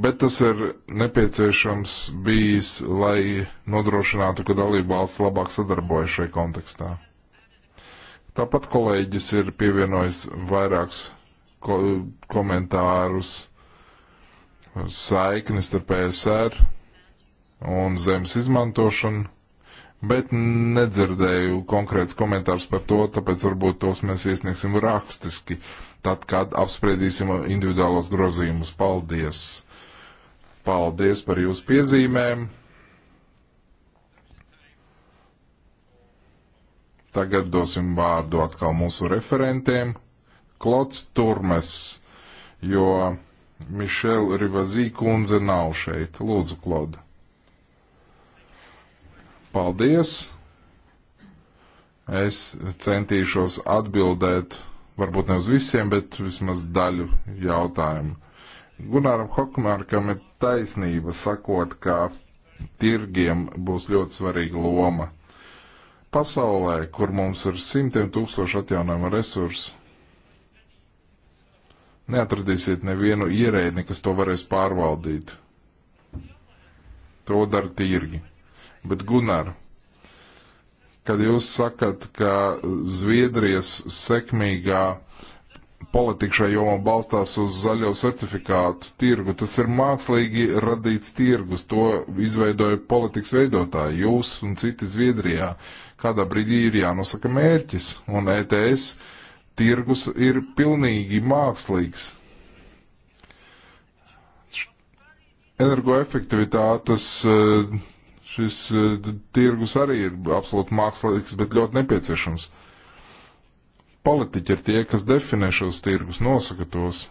bet tas ir nepieciešams bijis, lai nodrošinātu, ka dalību valsts labāk sadarbojas šajā kontekstā. Tāpat kolēģis ir pievienojis vairākus ko komentārus saiknis ar PSR un zemes izmantošanu, bet nedzirdēju konkrēts komentārs par to, tāpēc varbūt tos mēs iesniegsim rakstiski, tad, kad apspriedīsim individuālos grozījumus. Paldies! Paldies par jūsu piezīmēm! Tagad dosim vārdu atkal mūsu referentiem. Klots Turmes, jo Mišela Rivazī kundze nav šeit. Lūdzu, Klod. Paldies. Es centīšos atbildēt, varbūt ne uz visiem, bet vismaz daļu jautājumu. Gunāram Hokmārkam ir taisnība sakot, ka tirgiem būs ļoti svarīga loma pasaulē, kur mums ir simtiem tūkstoši atjaunojama resursu, neatradīsiet nevienu ierēdni, kas to varēs pārvaldīt. To dara tirgi. Bet Gunār, kad jūs sakat, ka Zviedrijas sekmīgā politika šajā jomā balstās uz zaļo certifikātu tirgu. Tas ir mākslīgi radīts tirgus. To izveidoja politikas veidotāji, jūs un citi Zviedrijā. Kādā brīdī ir jānosaka mērķis, un ETS tirgus ir pilnīgi mākslīgs. Energoefektivitātes eh, šis eh, tirgus arī ir absolūti mākslīgs, bet ļoti nepieciešams. Politiķi ir tie, kas definē šos tirgus, nosaka tos.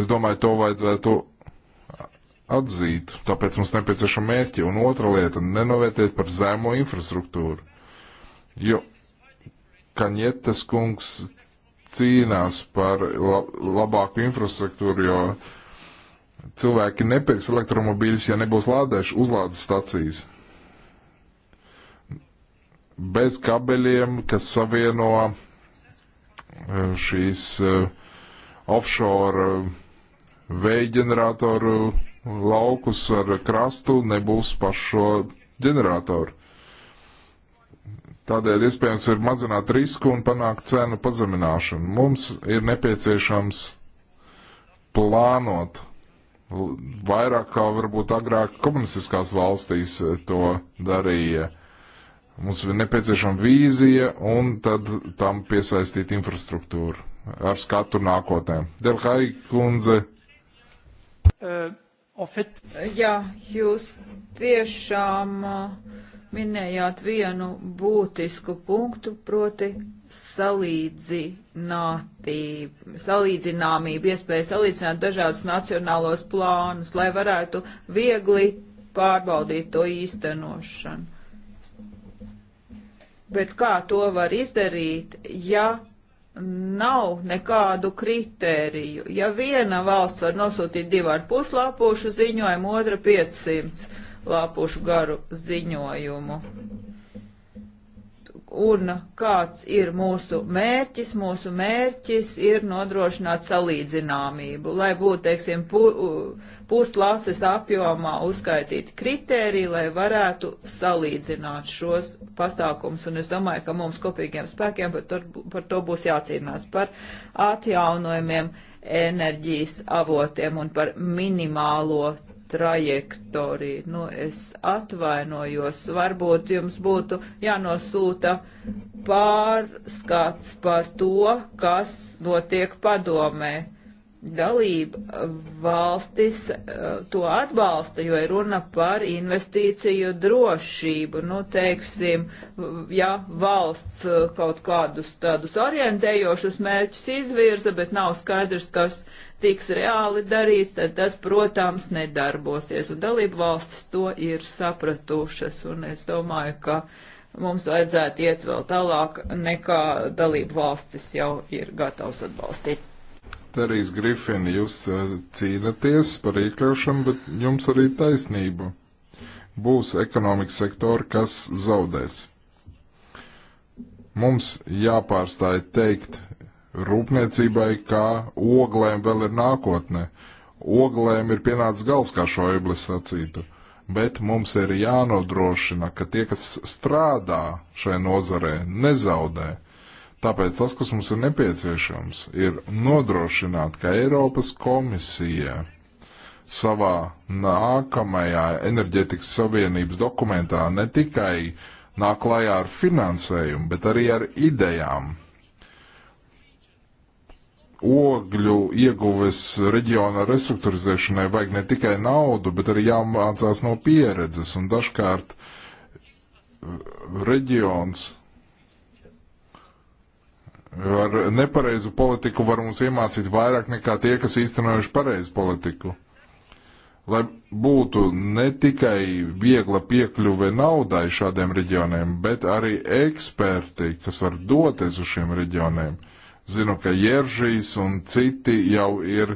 Es domāju, to vajadzētu atzīt, tāpēc mums nepieciešama mērķi. Un otra lieta - nenovērtiet par zemo infrastruktūru. Jo Kaņietes kungs cīnās par labāku infrastruktūru, jo cilvēki nepirks elektromobīļus, ja nebūs lādēšu uzlādes stacijas bez kabeļiem, kas savieno eh, šīs eh, offshore eh, vējģeneratoru laukus ar krastu, nebūs pašo ģeneratoru. Tādēļ iespējams ir mazināt risku un panākt cenu pazemināšanu. Mums ir nepieciešams plānot vairāk kā varbūt agrāk komunistiskās valstīs to darīja. Mums ir nepieciešama vīzija un tad tam piesaistīt infrastruktūru ar skatu nākotnē. Delhai kundze. Uh, ofet. Jā, jūs tiešām uh, minējāt vienu būtisku punktu, proti salīdzināmību, iespēju salīdzināt dažādus nacionālos plānus, lai varētu viegli pārbaudīt to īstenošanu. Bet kā to var izdarīt, ja nav nekādu kritēriju? Ja viena valsts var nosūtīt divu ar puslāpušu ziņojumu, otra 500 lāpušu garu ziņojumu un kāds ir mūsu mērķis. Mūsu mērķis ir nodrošināt salīdzināmību, lai būtu, teiksim, pu, puslases apjomā uzskaitīti kriteriji, lai varētu salīdzināt šos pasākums. Un es domāju, ka mums kopīgiem spēkiem par to, par to būs jācīnās par atjaunojumiem enerģijas avotiem un par minimālo trajektoriju. Nu, es atvainojos, varbūt jums būtu jānosūta pārskats par to, kas notiek padomē dalība valstis eh, to atbalsta, jo ir runa par investīciju drošību. Nu, teiksim, ja valsts eh, kaut kādus tādus orientējošus mērķus izvirza, bet nav skaidrs, kas tiks reāli darīts, tad tas, protams, nedarbosies. Un dalība valstis to ir sapratušas. Un es domāju, ka mums vajadzētu iet vēl tālāk, nekā dalība valstis jau ir gatavs atbalstīt. Terijs Grifini, jūs cīnaties par iekļaušanu, bet jums arī taisnība. Būs ekonomikas sektori, kas zaudēs. Mums jāpārstāj teikt rūpniecībai, kā oglēm vēl ir nākotne. Oglēm ir pienācis gals, kā šo eblis sacītu, bet mums ir jānodrošina, ka tie, kas strādā šai nozarē, nezaudē. Tāpēc tas, kas mums ir nepieciešams, ir nodrošināt, ka Eiropas komisija savā nākamajā enerģetikas savienības dokumentā ne tikai nāk klajā ar finansējumu, bet arī ar idejām. Ogļu ieguves reģiona restruktūrizēšanai vajag ne tikai naudu, bet arī jāmācās no pieredzes, un dažkārt reģions Ar nepareizu politiku var mums iemācīt vairāk nekā tie, kas īstenojuši pareizu politiku. Lai būtu ne tikai viegla piekļuve naudai šādiem reģioniem, bet arī eksperti, kas var doties uz šiem reģioniem. Zinu, ka Jeržīs un citi jau ir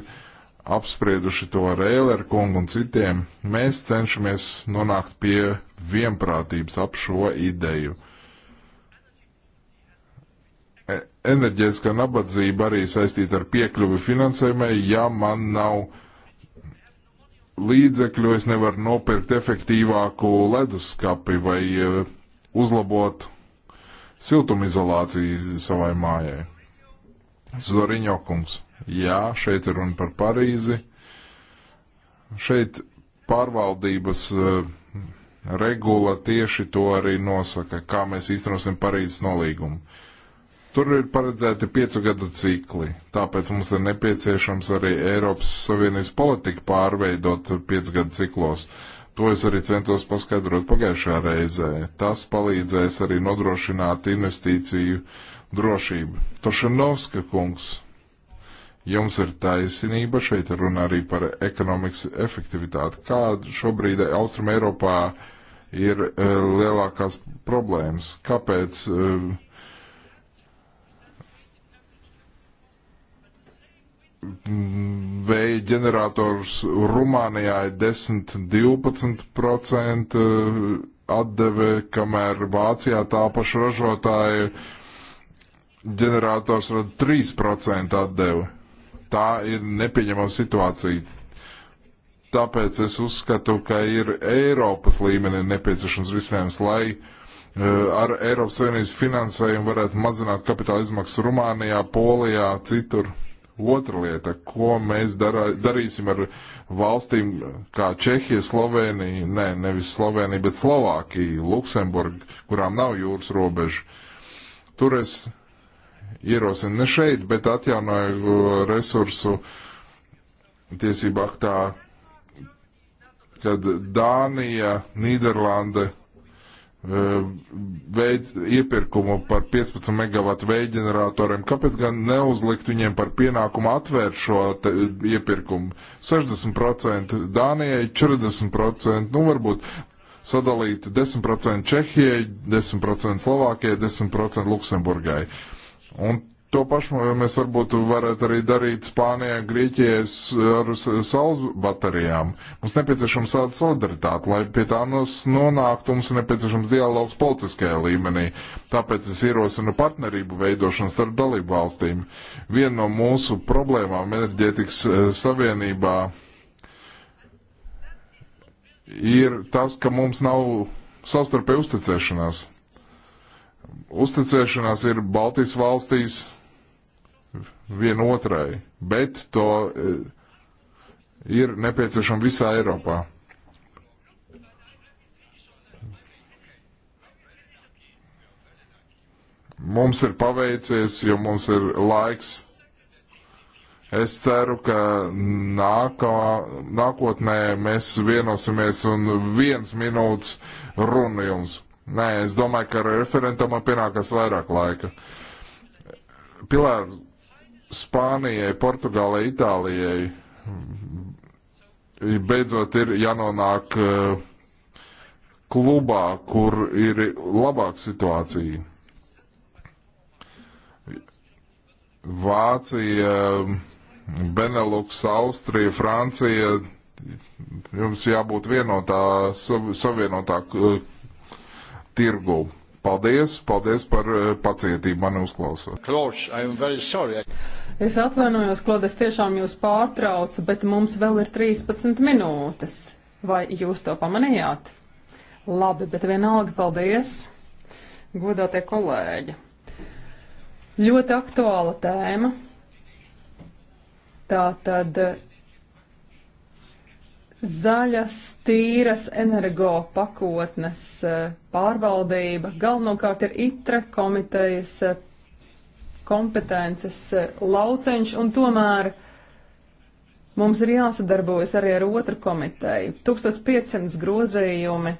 apsprieduši to ar Eileru kungu un citiem. Mēs cenšamies nonākt pie vienprātības ap šo ideju enerģētiskā nabadzība arī saistīta ar piekļuvi finansējumai, ja man nav līdzekļu, es nevaru nopirkt efektīvāku leduskapi vai eh, uzlabot siltumizolāciju savai mājai. Zoriņokums. Jā, šeit ir runa par Parīzi. Šeit pārvaldības eh, regula tieši to arī nosaka, kā mēs īstenosim Parīzes nolīgumu. Tur ir paredzēti piecu gadu cikli, tāpēc mums ir nepieciešams arī Eiropas Savienības politika pārveidot piecu gadu ciklos. To es arī centos paskaidrot pagājušā reizē. Tas palīdzēs arī nodrošināt investīciju drošību. Tošanovska kungs, jums ir taisnība, šeit runa arī par ekonomikas efektivitāti. Kāda šobrīd Austrum Eiropā ir uh, lielākās problēmas? Kāpēc? Uh, vēja ģenerators Rumānijā ir 10-12% atdeve, kamēr Vācijā tā paša ražotāja ģenerators rada 3% atdevi. Tā ir nepieņemama situācija. Tāpēc es uzskatu, ka ir Eiropas līmenī nepieciešams risinājums, lai uh, ar Eiropas Savienības finansējumu varētu mazināt kapitāla izmaksas Rumānijā, Polijā, citur. Otra lieta, ko mēs darā, darīsim ar valstīm kā Čehija, Slovenija, ne, nevis Slovenija, bet Slovākija, Luksemburga, kurām nav jūras robeža. Tur es ierosinu ne šeit, bet atjaunoju resursu tiesību aktā, kad Dānija, Nīderlande, Ehm, veids iepirkumu par 15 megawatu vējģeneratoriem, kāpēc gan neuzlikt viņiem par pienākumu atvērt šo te, iepirkumu? 60% Dānijai, 40%, nu varbūt sadalīt 10% Čehijai, 10% Slovākijai, 10% Luksemburgai. Un To pašu eh, mēs varbūt varētu arī darīt Spānijā, Grieķijā eh, ar saules baterijām. Mums nepieciešams tāda solidaritāte, lai pie tā nonāktu, mums ir nepieciešams dialogs politiskajā līmenī. Tāpēc es ierosinu partnerību veidošanu starp dalību valstīm. Viena no mūsu problēmām enerģētikas eh, savienībā ir tas, ka mums nav savstarpēji uzticēšanās. Uzticēšanās ir Baltijas valstīs, vienotrai, bet to e, ir nepieciešama visā Eiropā. Mums ir paveicies, jo mums ir laiks. Es ceru, ka nākā, nākotnē mēs vienosimies un viens minūtes runa jums. Nē, es domāju, ka referentam pienākas vairāk laika. Pilārs Spānijai, Portugālei, Itālijai beidzot ir jānonāk eh, klubā, kur ir labāka situācija. Vācija, Benelux, Austrija, Francija, jums jābūt vienotā, savienotā eh, tirgu. Paldies, paldies par eh, pacietību mani uzklausot. Kloč, Es atvainojos, Klod, es tiešām jūs pārtraucu, bet mums vēl ir 13 minūtes. Vai jūs to pamanījāt? Labi, bet vienalga paldies, godātie kolēģi. Ļoti aktuāla tēma. Tā tad zaļas, tīras energo pakotnes eh, pārvaldība galvenokārt ir ITRE komitejas eh, kompetences eh, lauceņš, un tomēr mums ir jāsadarbojas arī ar otru komiteju. 1500 grozījumi.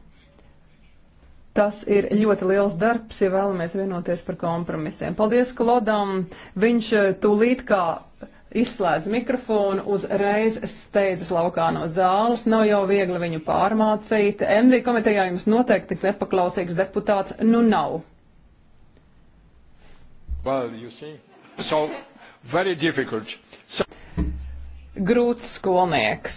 Tas ir ļoti liels darbs, ja vēlamies vienoties par kompromisiem. Paldies Klodam! Viņš eh, tūlīt kā izslēdz mikrofonu, uzreiz steidzas laukā no zāles. Nav jau viegli viņu pārmācīt. MD komitejā jums noteikti nepaklausīgs deputāts nu nav. Well, you see, so very difficult. So... Grūts skolnieks.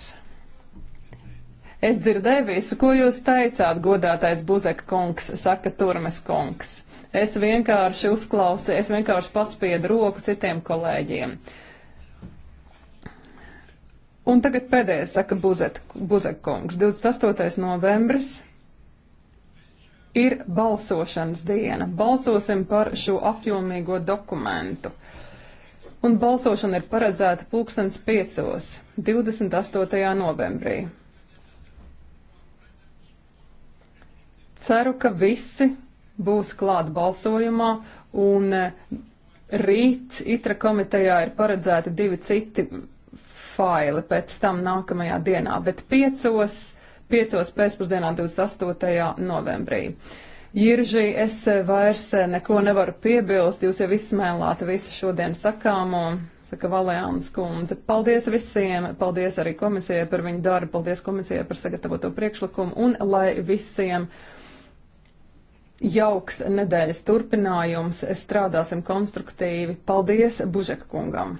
Es dzirdēju visu, ko jūs teicāt, godātais Buzeka kungs, saka Turmes kungs. Es vienkārši uzklausu, es vienkārši paspiedu roku citiem kolēģiem. Un tagad pēdējais, saka Buzeka kungs, 28. novembris ir balsošanas diena. Balsosim par šo apjomīgo dokumentu. Un balsošana ir paredzēta pulkstens 5. 28. novembrī. Ceru, ka visi būs klāt balsojumā un eh, rīt itra komitejā ir paredzēti divi citi faili pēc tam nākamajā dienā, bet piecos piecos pēcpusdienā 28. novembrī. Jirži, es vairs neko nevaru piebilst, jūs jau izsmēlāt visu šodien sakāmo, saka Valēns kundze. Paldies visiem, paldies arī komisijai par viņu darbu, paldies komisijai par sagatavoto priekšlikumu un lai visiem jauks nedēļas turpinājums, strādāsim konstruktīvi. Paldies Bužek kungam!